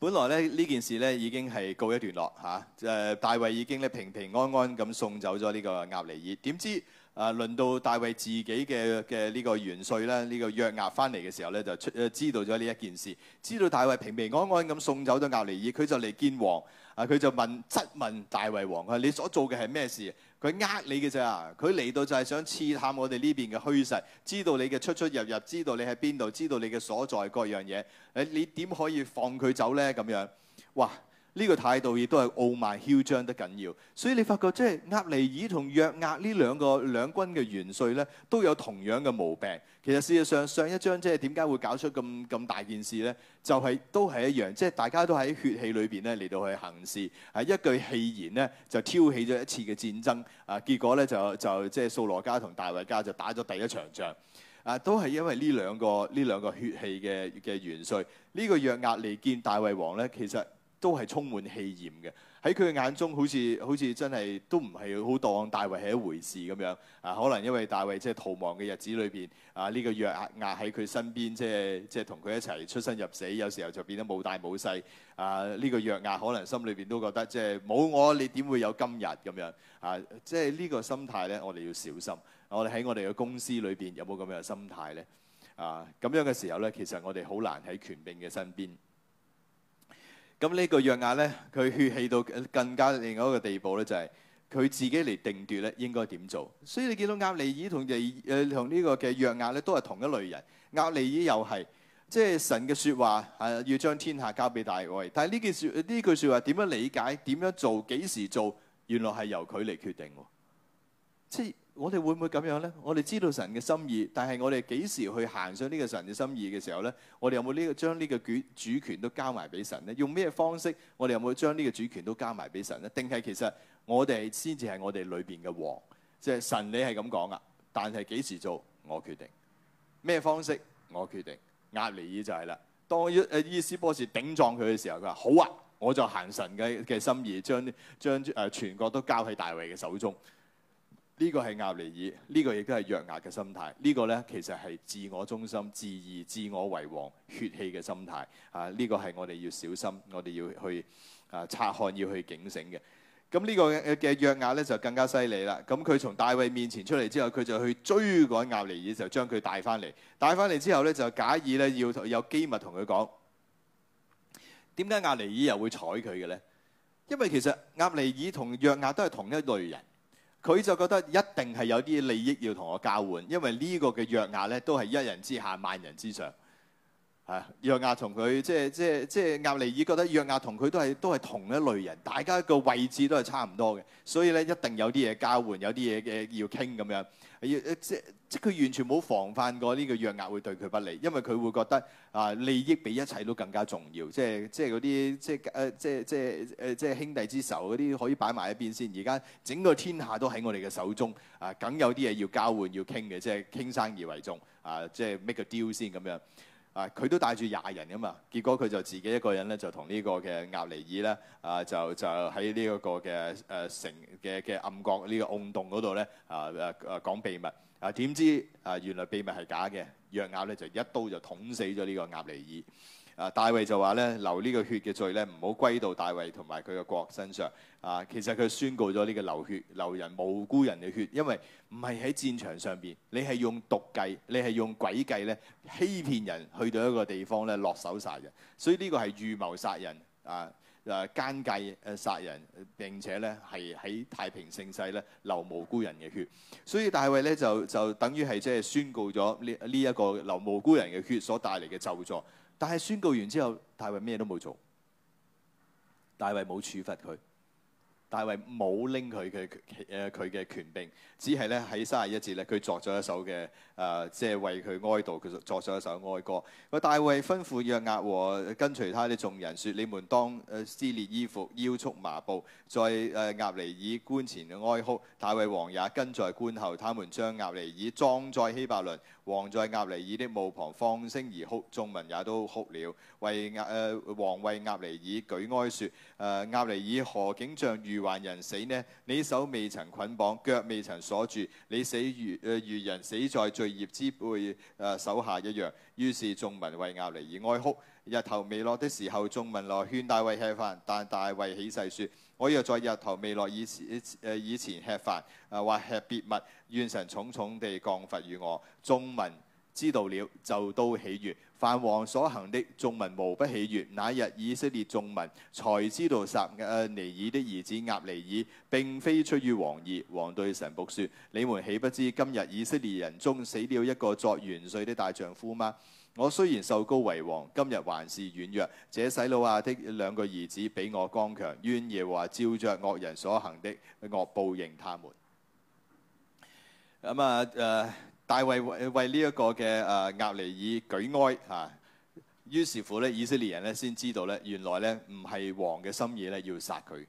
本來咧呢件事咧已經係告一段落嚇，誒、啊、大衛已經咧平平安安咁送走咗呢個押尼珥，點知誒輪、啊、到大衛自己嘅嘅呢個元帥咧，呢、這個約押翻嚟嘅時候咧就出誒知道咗呢一件事，知道大衛平平安安咁送走咗押尼珥，佢就嚟見王，啊佢就問質問大衛王，你所做嘅係咩事？佢呃你嘅咋？佢嚟到就係想刺探我哋呢邊嘅虛實，知道你嘅出出入入，知道你喺邊度，知道你嘅所在各樣嘢。你你點可以放佢走呢？咁樣，哇！呢個態度亦都係傲慢囂張得緊要，所以你發覺即係押尼珥同約押呢兩個兩軍嘅元帥咧，都有同樣嘅毛病。其實事實上上一章即係點解會搞出咁咁大件事咧，就係都係一樣，即係大家都喺血氣裏邊咧嚟到去行事，係一句戲言呢，就挑起咗一次嘅戰爭啊！結果咧就就即係掃羅家同大衛家就打咗第一場仗啊！都係因為呢兩個呢兩個血氣嘅嘅元帥，呢個約押嚟見大衛王咧，其實。都係充滿氣焰嘅，喺佢嘅眼中好似好似真係都唔係好當大衛係一回事咁樣啊！可能因為大衛即係逃亡嘅日子裏邊啊，呢個約押押喺佢身邊，即係即係同佢一齊出生入死，有時候就變得冇大冇細啊！呢個約押可能心裏邊都覺得即係冇我你點會有今日咁樣啊？即係呢個心態咧，我哋要小心。我哋喺我哋嘅公司裏邊有冇咁樣嘅心態咧？啊，咁樣嘅時候咧，其實我哋好難喺權柄嘅身邊。咁呢個約押咧，佢血氣到更加另外一個地步咧，就是，就係佢自己嚟定奪咧，應該點做。所以你見到押尼珥同第誒同呢個嘅約押咧，都係同一類人。押尼珥又係，即、就、係、是、神嘅説話係、啊、要將天下交俾大衛，但係呢句説呢句説話點樣理解、點樣做、幾時做，原來係由佢嚟決定。就是我哋會唔會咁樣咧？我哋知道神嘅心意，但係我哋幾時去行上呢個神嘅心意嘅時候咧？我哋有冇呢個將呢個權主權都交埋俾神咧？用咩方式？我哋有冇將呢個主權都交埋俾神咧？定係其實我哋先至係我哋裏邊嘅王，即係神你係咁講啊？但係幾時做我決定？咩方式我決定？押尼珥就係啦。當伊伊斯波士頂撞佢嘅時候，佢話：好啊，我就行神嘅嘅心意，將將誒全國都交喺大衛嘅手中。呢個係亞尼爾，呢個亦都係約押嘅心態。呢個呢，其實係自我中心、自意、自我為王、血氣嘅心態。啊，呢個係我哋要小心，我哋要去啊察看，要去警醒嘅。咁呢個嘅嘅約押咧就更加犀利啦。咁佢從大衛面前出嚟之後，佢就去追趕亞尼爾，就將佢帶翻嚟。帶翻嚟之後呢，就假意呢，要有機密同佢講，點解亞尼爾又會睬佢嘅呢？因為其實亞尼爾同約押都係同一類人。佢就覺得一定係有啲利益要同我交換，因為個呢個嘅約亞咧都係一人之下萬人之上，嚇約押同佢即係即係即係押尼珥覺得約押同佢都係都係同一類人，大家個位置都係差唔多嘅，所以咧一定有啲嘢交換，有啲嘢嘅要傾咁樣，要即係。即係佢完全冇防範過呢個約押會對佢不利，因為佢會覺得啊利益比一切都更加重要。即係即係嗰啲即係誒、啊、即係、啊、即係誒、啊、即係兄弟之仇嗰啲可以擺埋一邊先。而家整個天下都喺我哋嘅手中啊，梗有啲嘢要交換要傾嘅，即係傾生意為重啊，即係 make 個 deal 先咁樣啊。佢都帶住廿人噶嘛，結果佢就自己一個人咧就同呢個嘅押尼珥咧啊就就喺呢一個嘅誒、啊、城嘅嘅暗角呢、這個暗洞嗰度咧啊誒誒講秘密。啊！點知啊？原來秘密係假嘅，約押咧就一刀就捅死咗呢個押尼珥。啊！大衛就話咧，流呢個血嘅罪咧，唔好歸到大衛同埋佢嘅國身上。啊！其實佢宣告咗呢個流血、流人無辜人嘅血，因為唔係喺戰場上邊，你係用毒計，你係用詭計咧欺騙人去到一個地方咧落手殺人，所以呢個係預謀殺人啊！誒，奸計誒，殺人，並且咧係喺太平盛世咧流無辜人嘅血，所以大衛咧就就等於係即係宣告咗呢呢一個流無辜人嘅血所帶嚟嘅咒詛。但係宣告完之後，大衛咩都冇做，大衛冇處罰佢。大衛冇拎佢嘅誒佢嘅權柄，只係咧喺三十一節咧，佢作咗一首嘅誒，即、呃、係、就是、為佢哀悼，佢作咗一首哀歌。個大衛吩咐約押和跟隨他啲眾人，説：你們當誒撕裂衣服，腰束麻布，在誒押尼珥棺前嘅哀哭。大衛王也跟在棺後，他們將押尼珥葬在希伯倫。王在押尼珥的墓旁放聲而哭，眾民也都哭了。為亞誒、呃、王為押尼珥舉哀説：誒押尼珥何竟像愚頑人死呢？你手未曾捆綁，腳未曾鎖住，你死如誒、呃、如人死在罪孽之輩誒、呃、手下一樣。於是眾民為押尼珥哀哭。日頭未落的時候，眾民來勸大衛吃飯，但大衛起誓説：我又在日頭未落以前，誒以前吃飯，啊，誒或吃別物，願神重重地降罰與我。眾民知道了就都喜悅。凡王所行的，眾民無不喜悅。那日以色列眾民才知道撒誒尼珥的兒子押尼珥並非出於王意。王對神僕説：你們豈不知今日以色列人中死了一個作元帥的大丈夫嗎？我雖然受膏為王，今日還是軟弱。這洗魯亞的兩個兒子比我剛強，願耶和華照着惡人所行的惡報應他們。咁、嗯呃呃、啊，誒，大衛為呢一個嘅誒押尼珥舉哀嚇，於是乎咧，以色列人咧先知道咧，原來咧唔係王嘅心意咧要殺佢。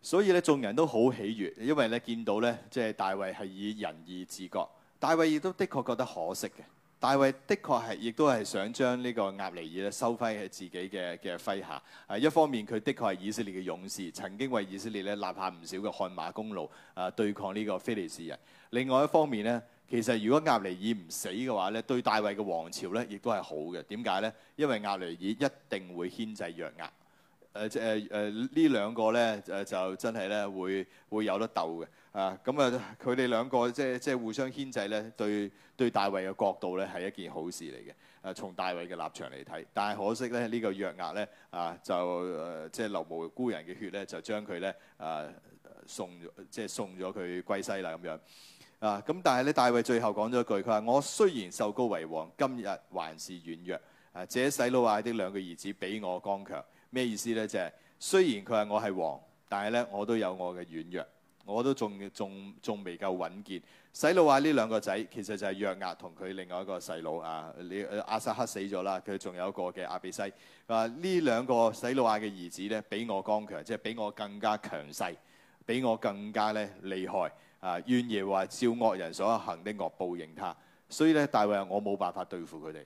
所以咧，眾人都好喜悅，因為咧見到呢即係、就是、大衛係以仁義治國。大衛亦都的確覺得可惜嘅。大衛的確係，亦都係想將呢個押尼珥咧收喺自己嘅嘅麾下。誒一方面佢的確係以色列嘅勇士，曾經為以色列咧立下唔少嘅汗馬功勞。誒、啊、對抗呢個非利士人。另外一方面咧，其實如果押尼珥唔死嘅話咧，對大衛嘅王朝咧亦都係好嘅。點解咧？因為押尼珥一定會牽制約押。誒誒誒，呢、呃呃、兩個咧誒就，就真係咧會會有得鬥嘅。啊咁啊，佢哋兩個即係即係互相牽制咧對。對大衛嘅角度咧係一件好事嚟嘅，誒從大衛嘅立場嚟睇，但係可惜咧呢個約押咧啊就即係流無辜人嘅血咧，就將佢咧啊送即係、就是、送咗佢歸西啦咁樣啊咁，但係咧大衛最後講咗一句，佢話我雖然受膏為王，今日還是軟弱啊，這洗魯雅的兩個兒子比我剛強，咩意思咧？就係、是、雖然佢話我係王，但係咧我都有我嘅軟弱，我都仲仲仲未夠穩健。洗魯亞呢兩個仔其實就係約押同佢另外一個細佬啊，你阿撒克死咗啦，佢仲有一個嘅阿比西。啊，呢兩個洗魯亞嘅兒子咧，比我剛強，即係比我更加強勢，比我更加咧厲害。啊，願耶和華照惡人所行的惡報應他，所以咧，大衛我冇辦法對付佢哋，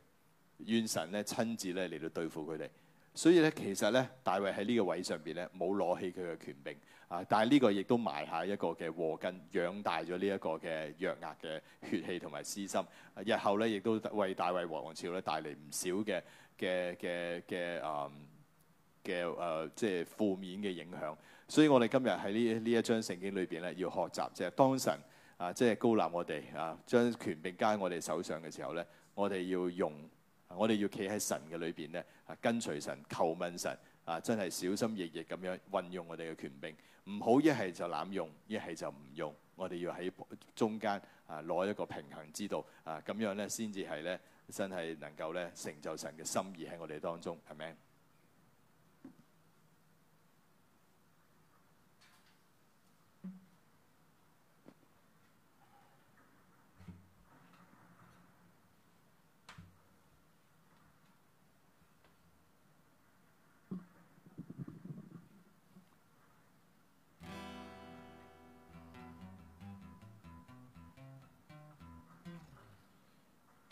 願神咧親自咧嚟到對付佢哋。所以咧，其實咧，大衛喺呢個位上邊咧，冇攞起佢嘅權柄。啊！但係呢個亦都埋下一個嘅禍根，養大咗呢一個嘅弱壓嘅血氣同埋私心。日後咧，亦都為大衛王王朝咧帶嚟唔少嘅嘅嘅嘅啊嘅誒、啊，即係負面嘅影響。所以我哋今日喺呢呢一章聖經裏邊咧，要學習即係當神啊即係高立我哋啊，將權柄加喺我哋手上嘅時候咧，我哋要用我哋要企喺神嘅裏邊咧，啊，跟隨神、求問神啊，真係小心翼翼咁樣運用我哋嘅權柄。唔好一係就濫用，一係就唔用。我哋要喺中間啊攞一個平衡之道啊，咁樣呢先至係呢真係能夠呢成就神嘅心意喺我哋當中，係咪？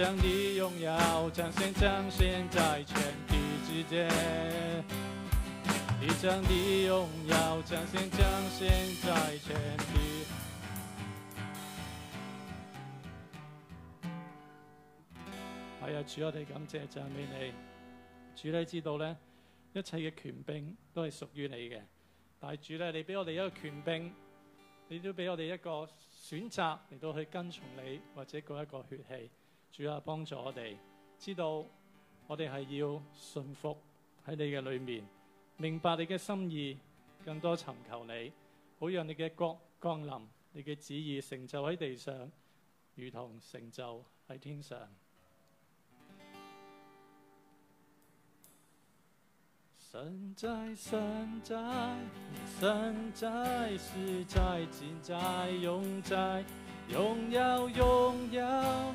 將你榮耀，彰顯彰顯在全體之間，你將你榮耀，彰顯彰顯在全體。哎呀，主我哋感謝讚美你，主你知道咧，一切嘅權柄都係屬於你嘅，但係主咧，你俾我哋一個權柄，你都俾我哋一個選擇嚟到去跟從你或者過一個血氣。主啊，幫助我哋知道我哋係要信服喺你嘅裏面，明白你嘅心意，更多尋求你，好讓你嘅國降臨，你嘅旨意成就喺地上，如同成就喺天上。神在，神在，神在，神在，神在，永在，永要，永要。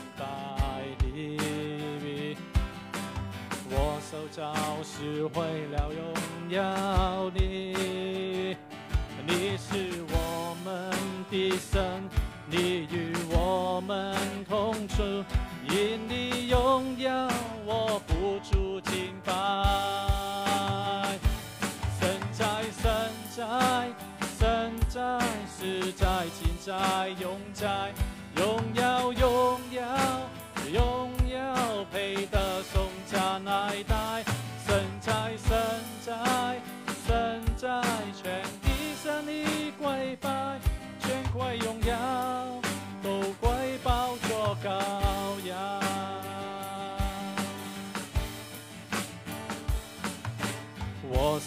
都招式為了擁有你，你是我們的神，你與我們同住，因你擁有我付出敬拜。神在神在神在實在存在永在擁有榮耀。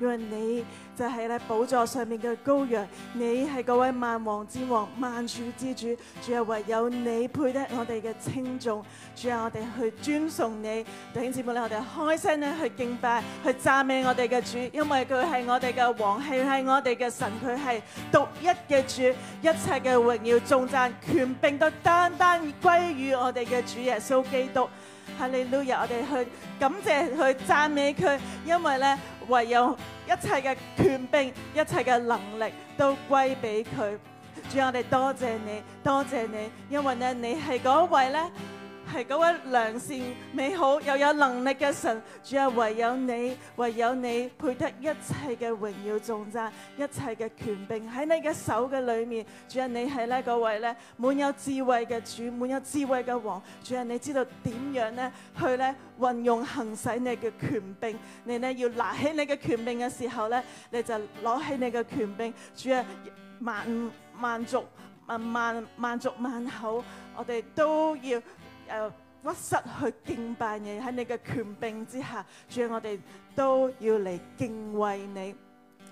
因為你就係咧寶座上面嘅羔羊，你係嗰位萬王之王，萬主之主，主啊，唯有你配得我哋嘅稱頌。主啊，我哋去尊崇你，弟兄姊妹咧，我哋開聲咧去敬拜，去讚美我哋嘅主，因為佢係我哋嘅王，佢係我哋嘅神，佢係獨一嘅主，一切嘅榮耀、頌讚、權柄都單單歸於我哋嘅主耶穌基督。哈利路亞！我哋去感謝、去讚美佢，因為咧，唯有一切嘅權柄、一切嘅能力都歸俾佢。主，我哋多謝你，多謝你，因為咧，你係嗰一位咧。係嗰位良善、美好又有能力嘅神，主啊，唯有你，唯有你配得一切嘅榮耀、頌讚、一切嘅權柄喺你嘅手嘅裏面。主啊，你係呢嗰位咧滿有智慧嘅主，滿有智慧嘅王。主啊，你知道點樣咧去咧運用行使你嘅權柄。你呢要拿起你嘅權柄嘅時候咧，你就攞起你嘅權柄。主啊，萬萬族萬萬萬族萬口，我哋都要。誒、呃，屈膝去敬拜你，喺你嘅權柄之下，主啊，我哋都要嚟敬畏你。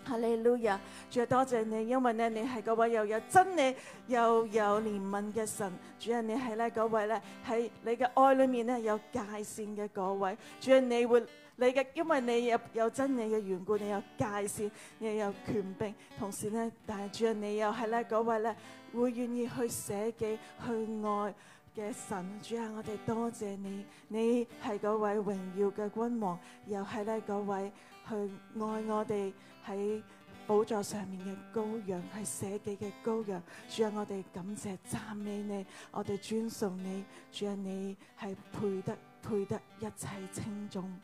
哈利路亞，主啊，多謝你，因為咧你係嗰位又有真理又有憐憫嘅神。主啊，你係呢位咧喺你嘅愛裏面咧有界線嘅嗰位。主啊，你會你嘅，因為你有有真理嘅緣故，你有界線，你有權柄，同時呢，但係主啊，你又係呢位咧會願意去捨己去愛嘅神，主啊，我哋多謝你，你係嗰位榮耀嘅君王，又係呢嗰位去愛我哋喺寶座上面嘅羔羊，係捨己嘅羔羊。主啊，我哋感謝讚美你，我哋尊崇你。主啊，你係配得配得一切稱重，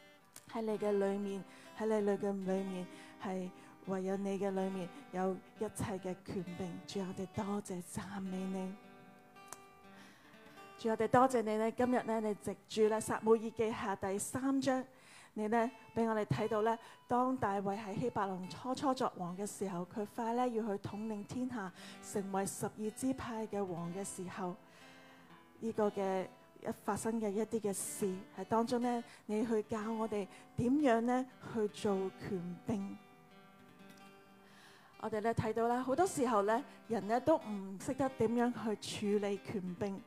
喺你嘅裏面，喺你裏嘅裏面係唯有你嘅裏面有一切嘅權柄。主啊，我哋多謝讚美你。仲我哋多謝你呢。今日呢，你籍住咧《撒母耳記下》第三章，你呢俾我哋睇到咧，當大衛喺希伯龍初初作王嘅時候，佢快咧要去統領天下，成為十二支派嘅王嘅時候，呢、這個嘅一發生嘅一啲嘅事，喺當中呢，你去教我哋點樣呢去做權柄。我哋咧睇到啦，好多時候呢，人呢都唔識得點樣去處理權柄。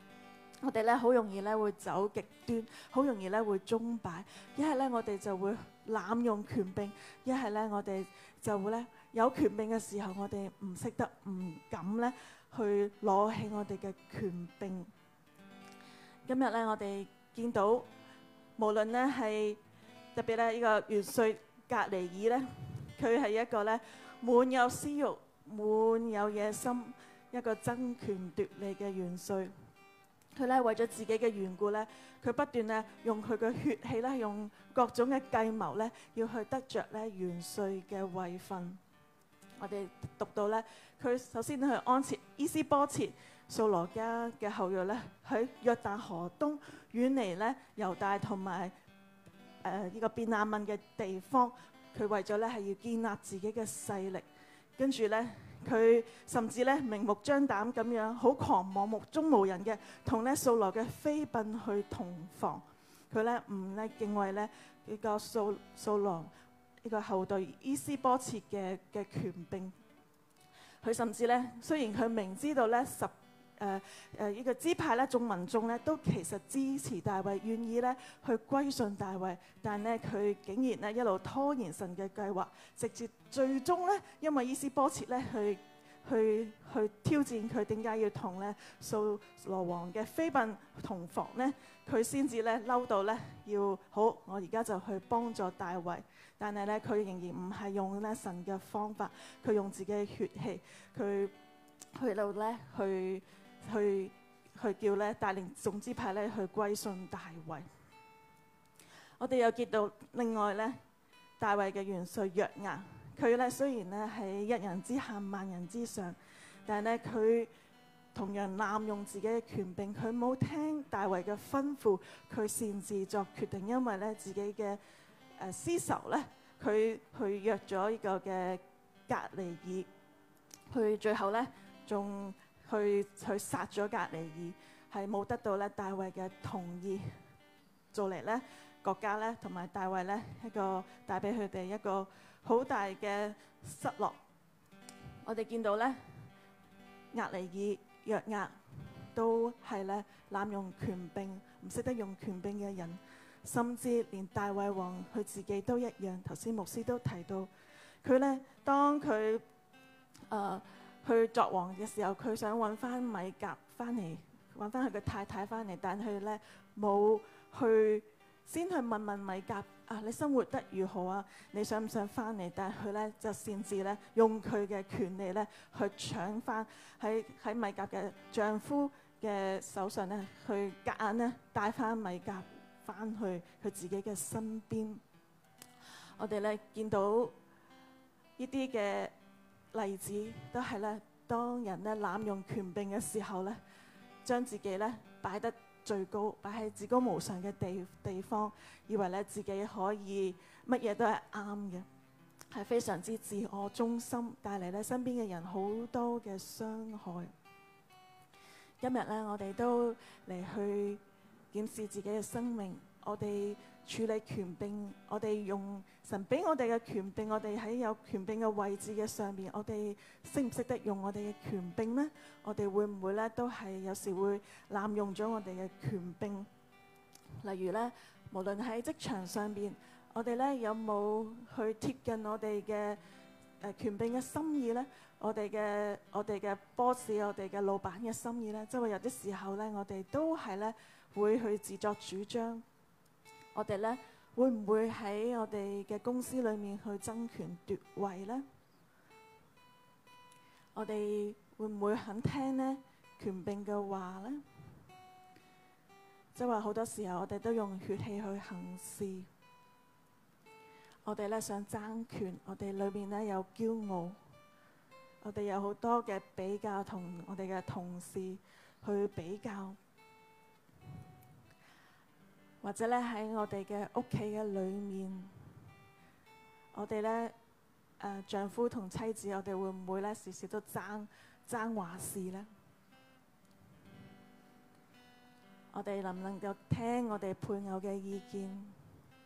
我哋咧好容易咧會走極端，好容易咧會中擺。一係咧我哋就會濫用權柄，一係咧我哋就會咧有權柄嘅時候，我哋唔識得唔敢咧去攞起我哋嘅權柄。今日咧，我哋見到無論咧係特別咧呢個元帥押尼珥咧，佢係一個咧滿有私欲、滿有野心，一個爭權奪利嘅元帥。佢咧為咗自己嘅緣故咧，佢不斷咧用佢嘅血氣咧，用各種嘅計謀咧，要去得着咧元帥嘅位份。我哋讀到咧，佢首先去安設伊施波設掃羅家嘅後裔咧，喺約旦河東遠離咧猶大同埋誒呢個便雅憫嘅地方，佢為咗咧係要建立自己嘅勢力，跟住咧。佢甚至咧明目張膽咁樣，好狂妄目中無人嘅，同咧掃羅嘅妃嬪去同房。佢咧唔咧敬畏咧呢、這個掃掃羅呢個後代伊施波設嘅嘅、這個、權柄。佢甚至咧，雖然佢明知道咧十誒誒呢個支派咧眾民眾咧都其實支持大衛，願意咧去歸順大衛，但咧佢竟然咧一路拖延神嘅計劃，直接。最終咧，因為伊施波設咧去去去挑戰佢，點解要同咧掃羅王嘅妃嬪同房咧？佢先至咧嬲到咧要好，我而家就去幫助大衛。但係咧，佢仍然唔係用咧神嘅方法，佢用自己嘅血氣，佢去到咧去去去，去叫咧帶領總支派咧去歸順大衛。我哋又見到另外咧大衛嘅元帥約押。若佢咧雖然咧喺一人之下萬人之上，但係咧佢同樣濫用自己嘅權柄，佢冇聽大衛嘅吩咐，佢擅自作決定，因為咧自己嘅誒私仇咧，佢去約咗呢個嘅隔離爾，佢最後咧仲去去殺咗隔離爾，係冇得到咧大衛嘅同意，做嚟咧國家咧同埋大衛咧一個帶俾佢哋一個。好大嘅失落，我哋見到咧，押尼珥、約押都係咧濫用權柄，唔識得用權柄嘅人，甚至連大衛王佢自己都一樣。頭先牧師都提到，佢咧當佢誒、呃、去作王嘅時候，佢想揾翻米甲翻嚟，揾翻佢嘅太太翻嚟，但係佢咧冇去。先去問問米甲啊，你生活得如何啊？你想唔想翻嚟？但係佢咧就擅自咧用佢嘅權利咧去搶翻喺喺米甲嘅丈夫嘅手上咧，去夾硬咧帶翻米甲翻去佢自己嘅身邊。我哋咧見到呢啲嘅例子，都係咧當人咧濫用權柄嘅時候咧，將自己咧擺得。最高，擺喺至高無上嘅地地方，以為咧自己可以乜嘢都係啱嘅，係非常之自我中心，帶嚟咧身邊嘅人好多嘅傷害。今日咧，我哋都嚟去檢視自己嘅生命，我哋。處理權柄，我哋用神俾我哋嘅權柄，我哋喺有權柄嘅位置嘅上面，我哋識唔識得用我哋嘅權柄呢？我哋會唔會呢？都係有時會濫用咗我哋嘅權柄？例如呢，無論喺職場上面，我哋呢有冇去貼近我哋嘅誒權柄嘅心意呢？我哋嘅我哋嘅 boss，我哋嘅老闆嘅心意呢？即係話有啲時候呢，我哋都係呢，會去自作主張。我哋呢，會唔會喺我哋嘅公司裏面去爭權奪位呢？我哋會唔會肯聽呢權柄嘅話呢？即係話好多時候我哋都用血氣去行事，我哋呢想爭權，我哋裏面呢有驕傲，我哋有好多嘅比較同我哋嘅同事去比較。或者咧，喺我哋嘅屋企嘅裏面，我哋咧誒丈夫同妻子，我哋會唔會咧時時都爭，爭話事咧？我哋能唔能夠聽我哋配偶嘅意見？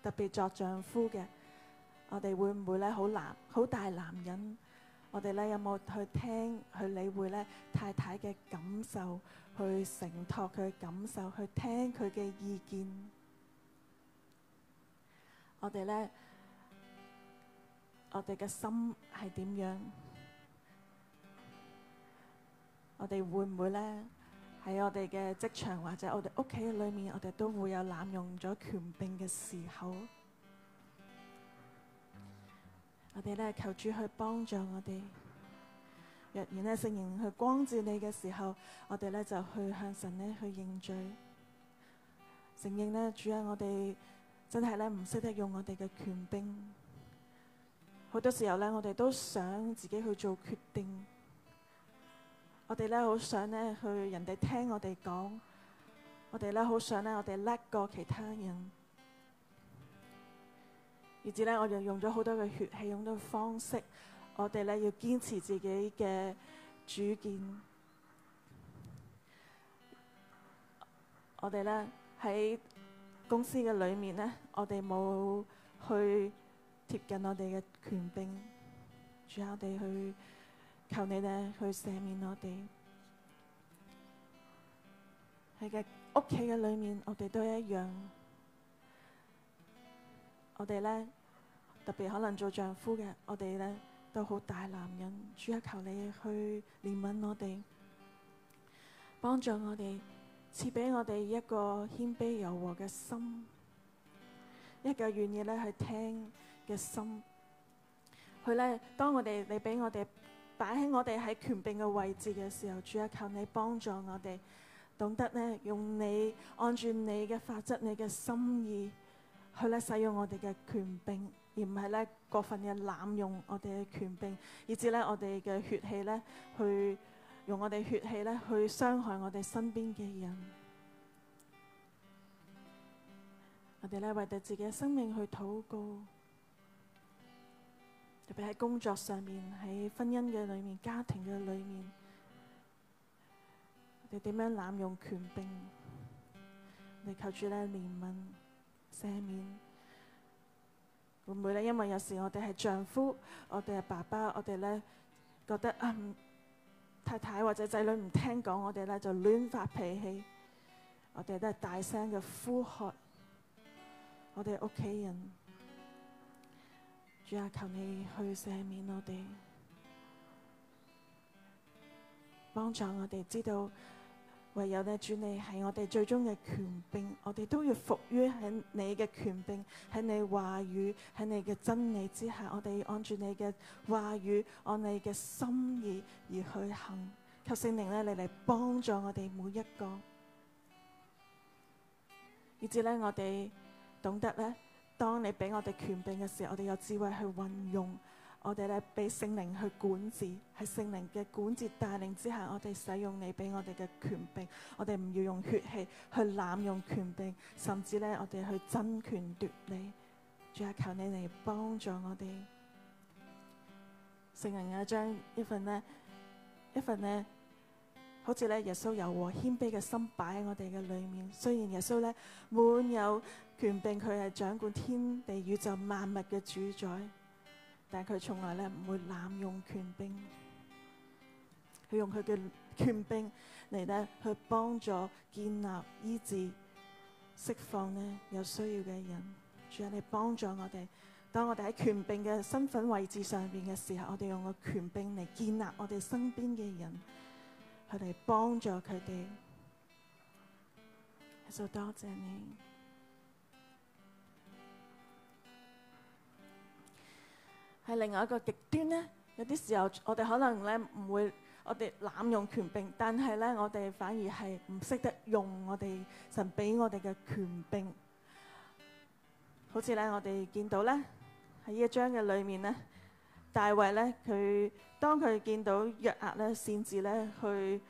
特別作丈夫嘅，我哋會唔會咧好男好大男人？我哋咧有冇去聽去理會咧太太嘅感受，去承托佢嘅感受，去聽佢嘅意見？我哋咧，我哋嘅心係點樣？我哋會唔會咧喺我哋嘅職場或者我哋屋企裏面，我哋都會有濫用咗權柄嘅時候？我哋咧，求主去幫助我哋。若然咧，聖靈去光照你嘅時候，我哋咧就去向神咧去認罪，承認咧主啊，我哋。真係咧唔識得用我哋嘅權柄，好多時候咧我哋都想自己去做決定，我哋咧好想咧去人哋聽我哋講，我哋咧好想咧我哋叻過其他人，以至咧我哋用咗好多嘅血氣，用咗方式，我哋咧要堅持自己嘅主見，我哋咧喺。公司嘅裏面呢，我哋冇去貼近我哋嘅權柄，主要我哋去求你哋去赦免我哋。喺嘅，屋企嘅裏面我哋都一樣，我哋咧特別可能做丈夫嘅，我哋咧都好大男人，主要求你去憐憫我哋，幫助我哋。賜俾我哋一個謙卑柔和嘅心，一個願意咧去聽嘅心。佢咧，當我哋你俾我哋擺喺我哋喺權柄嘅位置嘅時候，主要靠你幫助我哋，懂得咧用你按住你嘅法則、你嘅心意，去咧使用我哋嘅權柄，而唔係咧過分嘅濫用我哋嘅權柄，以至咧我哋嘅血氣咧去。用我哋血氣咧去傷害我哋身邊嘅人，我哋咧為咗自己嘅生命去禱告，特別喺工作上面，喺婚姻嘅裏面，家庭嘅裏面，我哋點樣濫用權柄？我哋求主咧憐憫、赦免，會唔會咧？因為有時我哋係丈夫，我哋係爸爸，我哋咧覺得嗯。太太或者仔女唔聽講，我哋呢，就亂發脾氣。我哋都係大聲嘅呼喝。我哋屋企人，主啊，求你去赦免我哋，幫助我哋知道。唯有咧，主你係我哋最終嘅權柄，我哋都要服於喺你嘅權柄，喺你話語，喺你嘅真理之下，我哋要按住你嘅話語，按你嘅心意而去行。求聖靈咧，你嚟幫助我哋每一個，以至咧我哋懂得，咧，當你俾我哋權柄嘅時候，我哋有智慧去運用。我哋咧俾聖靈去管治，喺聖靈嘅管治帶領之下，我哋使用你俾我哋嘅權柄。我哋唔要用血氣去濫用權柄，甚至咧我哋去爭權奪利。主啊，求你嚟幫助我哋，聖靈啊，將一份呢，一份咧，好似咧耶穌柔和謙卑嘅心擺喺我哋嘅裏面。雖然耶穌咧滿有權柄，佢係掌管天地宇宙萬物嘅主宰。但係佢從來咧唔會濫用權柄，佢用佢嘅權柄嚟咧去幫助建立醫治釋放咧有需要嘅人。主啊，你幫助我哋，當我哋喺權柄嘅身份位置上面嘅時候，我哋用個權柄嚟建立我哋身邊嘅人，去嚟幫助佢哋。就、 *noise* so, 多謝你。係另外一個極端呢。有啲時候我哋可能咧唔會，我哋濫用權柄，但係咧我哋反而係唔識得用我哋神俾我哋嘅權柄。好似咧我哋見到咧喺呢一章嘅裏面咧，大衛咧佢當佢見到約押咧擅自咧去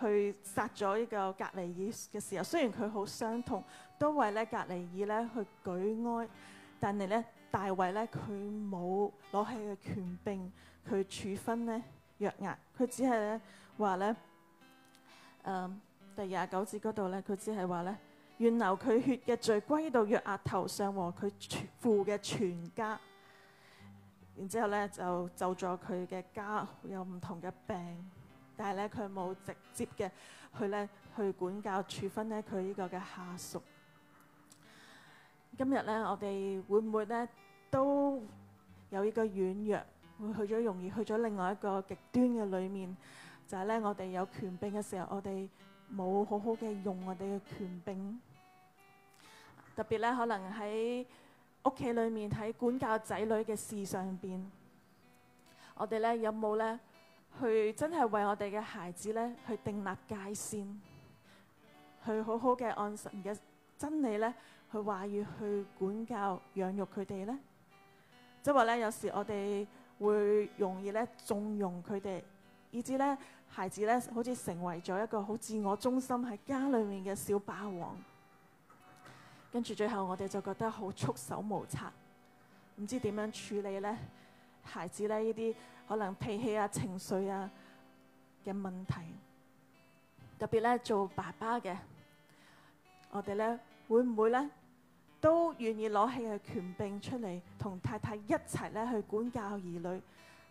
去殺咗呢個押尼珥嘅時候，雖然佢好傷痛，都為咧押尼珥咧去舉哀，但係咧。大衛咧，佢冇攞起嘅權柄去處分呢約押，佢只係咧話咧，誒、嗯，第二十九節嗰度咧，佢只係話咧，願流佢血嘅罪歸到約押頭上和佢父嘅全家。然之後咧就就咗佢嘅家有唔同嘅病，但係咧佢冇直接嘅去咧去管教處分咧佢呢個嘅下屬。今日咧，我哋會唔會咧？都有呢個軟弱，會去咗容易去咗另外一個極端嘅裏面，就係咧，我哋有權柄嘅時候，我哋冇好好嘅用我哋嘅權柄。特別咧，可能喺屋企裏面喺管教仔女嘅事上面，我哋咧有冇咧去真係為我哋嘅孩子咧去定立界線，去好好嘅按神嘅真理咧去話語去管教養育佢哋咧？即係話咧，有時我哋會容易咧縱容佢哋，以至咧孩子咧好似成為咗一個好自我中心喺家裏面嘅小霸王。跟住最後我哋就覺得好束手無策，唔知點樣處理咧孩子咧呢啲可能脾氣啊、情緒啊嘅問題。特別咧做爸爸嘅，我哋咧會唔會咧都願意攞起佢權柄出嚟，同太太一齊咧去管教兒女，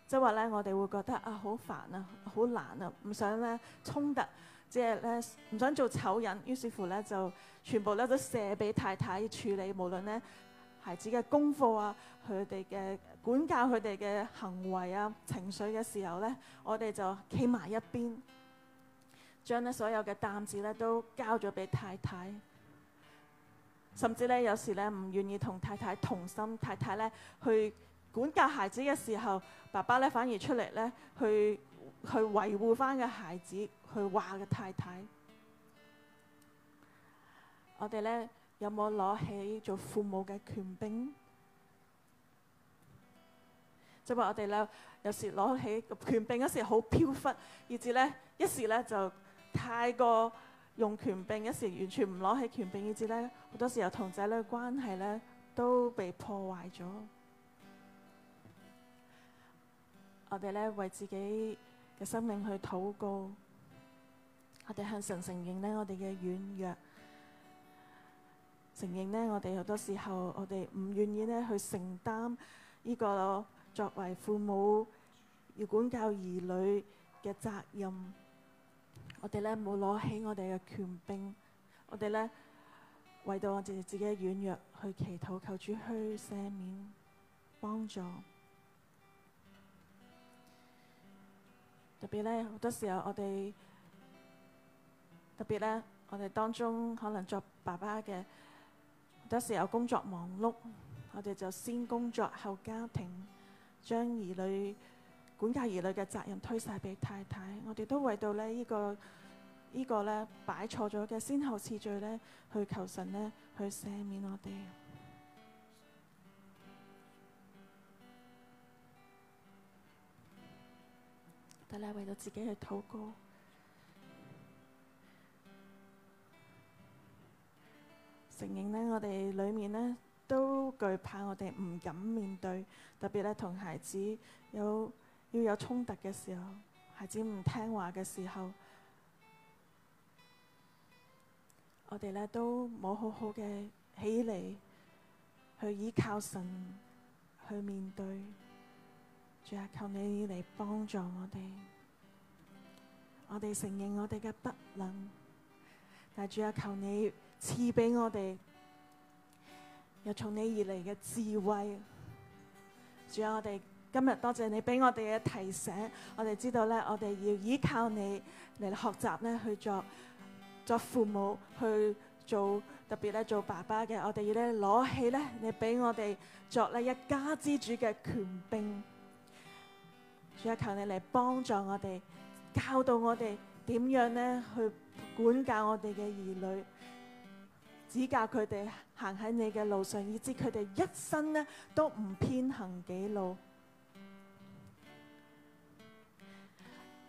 即係話咧，我哋會覺得啊好煩啊，好難啊，唔想咧衝突，即係咧唔想做醜人，於是乎咧就全部咧都卸俾太太處理，無論咧孩子嘅功課啊，佢哋嘅管教，佢哋嘅行為啊、情緒嘅時候咧，我哋就企埋一邊，將咧所有嘅擔子咧都交咗俾太太。甚至咧，有時咧唔願意同太太同心，太太咧去管教孩子嘅時候，爸爸咧反而出嚟咧去去維護翻個孩子，去話嘅太太。我哋咧有冇攞起做父母嘅權柄？即話我哋咧有時攞起個權柄嗰時好飄忽，以至咧一時咧就太過。用權柄一時，完全唔攞起權柄以至呢，好多時候同仔女嘅關係呢都被破壞咗。我哋呢為自己嘅生命去禱告，我哋向神承認呢我哋嘅軟弱，承認呢我哋好多時候我哋唔願意呢去承擔呢個作為父母要管教兒女嘅責任。我哋咧冇攞起我哋嘅權柄，我哋咧為到我哋自己嘅軟弱去祈禱，求主去赦免幫助。特別咧好多時候我哋，特別咧我哋當中可能作爸爸嘅，好多時候工作忙碌，我哋就先工作後家庭，將兒女管教兒女嘅責任推晒俾太太，我哋都為到呢呢個呢個咧擺錯咗嘅先後次序咧去求神咧去赦免我哋，但係為到自己去禱告，承認咧我哋裡面咧都懼怕，我哋唔敢面對，特別咧同孩子有。要有衝突嘅時候，孩子唔聽話嘅時候，我哋咧都冇好好嘅起嚟去依靠神去面對。主啊，求你嚟幫助我哋，我哋承認我哋嘅不能，但係主啊，求你賜畀我哋有從你而嚟嘅智慧。主啊，我哋。今日多謝你俾我哋嘅提醒，我哋知道咧，我哋要依靠你嚟學習咧，去作作父母，去做特別咧做爸爸嘅。我哋要咧攞起咧你俾我哋作咧一家之主嘅權柄。主啊，求你嚟幫助我哋，教導我哋點樣咧去管教我哋嘅兒女，指教佢哋行喺你嘅路上，以至佢哋一生咧都唔偏行己路。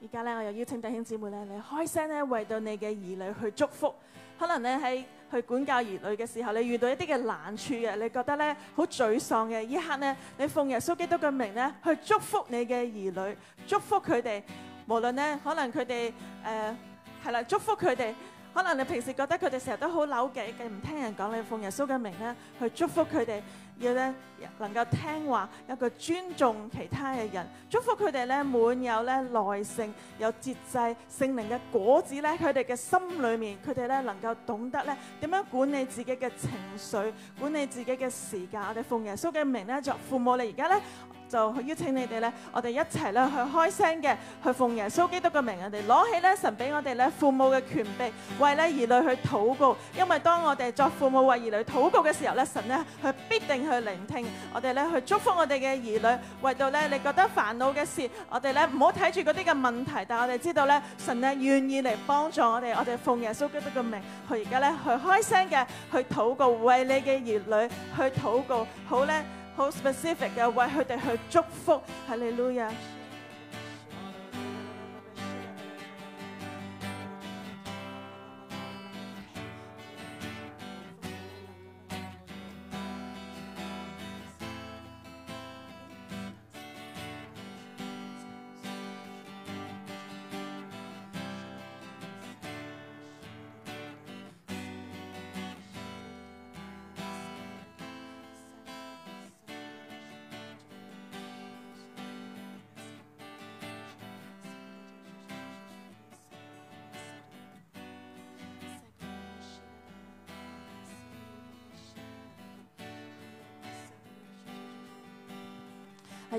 而家咧，我又邀請弟兄姊妹咧，你開聲咧，為到你嘅兒女去祝福。可能咧喺去管教兒女嘅時候，你遇到一啲嘅難處嘅，你覺得咧好沮喪嘅一刻咧，你奉耶穌基督嘅名咧，去祝福你嘅兒女，祝福佢哋。無論咧，可能佢哋誒係啦，祝福佢哋。可能你平時覺得佢哋成日都好扭計，唔聽人講，你奉耶穌嘅名咧，去祝福佢哋。要咧能夠聽話，一個尊重其他嘅人，祝福佢哋咧滿有咧耐性，有節制，聖靈嘅果子咧，佢哋嘅心裏面，佢哋咧能夠懂得咧點樣管理自己嘅情緒，管理自己嘅時間。我哋奉耶穌嘅名咧作父母你，你而家咧。就邀請你哋咧，我哋一齊咧去開聲嘅，去奉耶穌基督嘅名，我哋攞起咧神俾我哋咧父母嘅權柄，為咧兒女去禱告。因為當我哋作父母為兒女禱告嘅時候咧，神咧佢必定去聆聽，我哋咧去祝福我哋嘅兒女。為到咧你覺得煩惱嘅事，我哋咧唔好睇住嗰啲嘅問題，但係我哋知道咧神咧願意嚟幫助我哋，我哋奉耶穌基督嘅名，佢而家咧去開聲嘅去禱告，為你嘅兒女去禱告，好咧。好 specific 嘅，為佢哋去祝福，哈利路亞。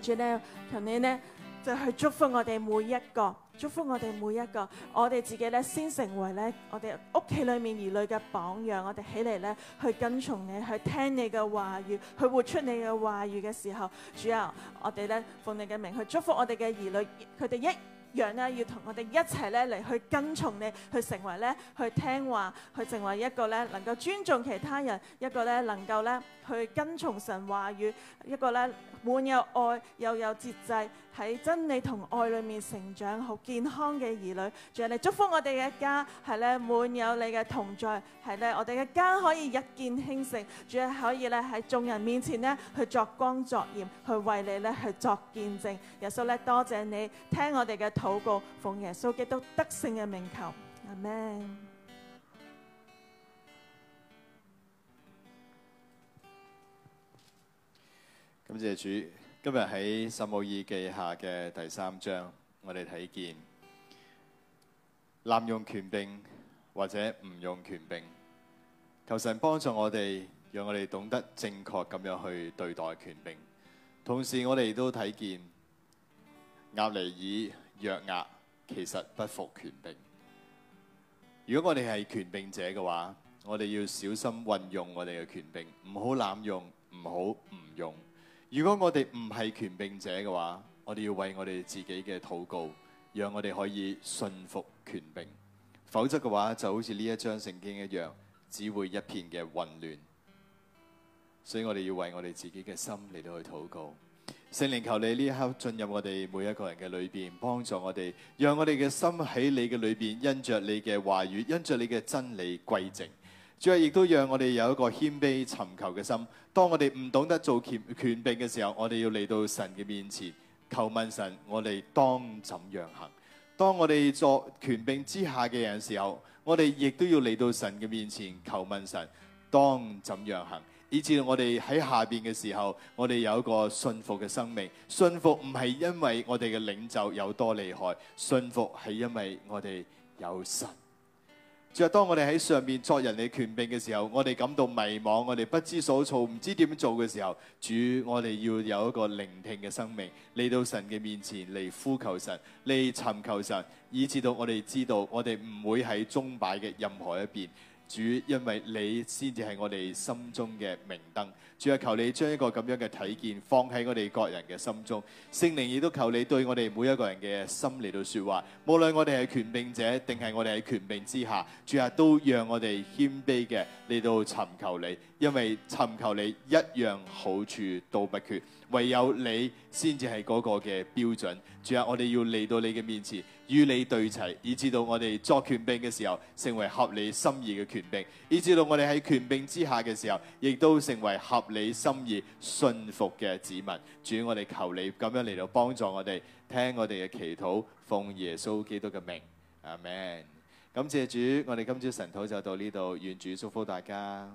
主咧，求你呢就去祝福我哋每一個，祝福我哋每一個，我哋自己呢先成為呢，我哋屋企裏面兒女嘅榜樣，我哋起嚟呢去跟從你，去聽你嘅話語，去活出你嘅話語嘅時候，主啊，我哋呢奉你嘅名去祝福我哋嘅兒女，佢哋一樣咧要同我哋一齊咧嚟，去跟從你，去成為咧去聽話，去成為一個咧能夠尊重其他人，一個咧能夠咧去跟從神話語，一個咧滿有愛又有節制喺真理同愛裏面成長好健康嘅兒女。仲有你祝福我哋嘅家係咧滿有你嘅同在，係咧我哋嘅家可以日見興盛。主啊，可以咧喺眾人面前咧去作光作鹽，去為你咧去作見證。耶穌咧多謝你聽我哋嘅。好過奉耶穌基督得勝嘅名求，阿門。感謝主，今日喺《撒母耳記》下嘅第三章，我哋睇見濫用權柄或者唔用權柄，求神幫助我哋，讓我哋懂得正確咁樣去對待權柄。同時我，我哋都睇見押尼珥。弱壓其實不服權柄。如果我哋係權柄者嘅話，我哋要小心運用我哋嘅權柄，唔好濫用，唔好誤用。如果我哋唔係權柄者嘅話，我哋要為我哋自己嘅禱告，讓我哋可以順服權柄。否則嘅話，就好似呢一章聖經一樣，只會一片嘅混亂。所以我哋要為我哋自己嘅心嚟到去禱告。聖靈，求你呢一刻進入我哋每一個人嘅裏邊，幫助我哋，讓我哋嘅心喺你嘅裏邊，因着你嘅話語，因着你嘅真理歸正。主啊，亦都讓我哋有一個謙卑尋求嘅心。當我哋唔懂得做權權柄嘅時候，我哋要嚟到神嘅面前，求問神，我哋當怎樣行？當我哋作權柄之下嘅人嘅時候，我哋亦都要嚟到神嘅面前，求問神，當怎樣行？以至到我哋喺下邊嘅時候，我哋有一個信服嘅生命。信服唔係因為我哋嘅領袖有多厲害，信服係因為我哋有神。就當我哋喺上面作人哋權柄嘅時候，我哋感到迷茫，我哋不知所措，唔知點做嘅時候，主，我哋要有一個聆聽嘅生命，嚟到神嘅面前嚟呼求神，嚟尋求神，以至到我哋知道，我哋唔會喺鐘擺嘅任何一邊。主，因為你先至係我哋心中嘅明燈。主啊，求你將一個咁樣嘅睇見放喺我哋各人嘅心中。聖靈亦都求你對我哋每一個人嘅心嚟到説話。無論我哋係權柄者，定係我哋係權柄之下，主啊，都讓我哋謙卑嘅嚟到尋求你。因為尋求你一樣好處都不缺，唯有你先至係嗰個嘅標準。主啊，我哋要嚟到你嘅面前。與你對齊，以至到我哋作權柄嘅時候，成為合理心意嘅權柄；以至到我哋喺權柄之下嘅時候，亦都成為合理心意、信服嘅子民。主，我哋求你咁樣嚟到幫助我哋，聽我哋嘅祈禱，奉耶穌基督嘅名。阿門，感謝主，我哋今朝神討就到呢度，願主祝福大家。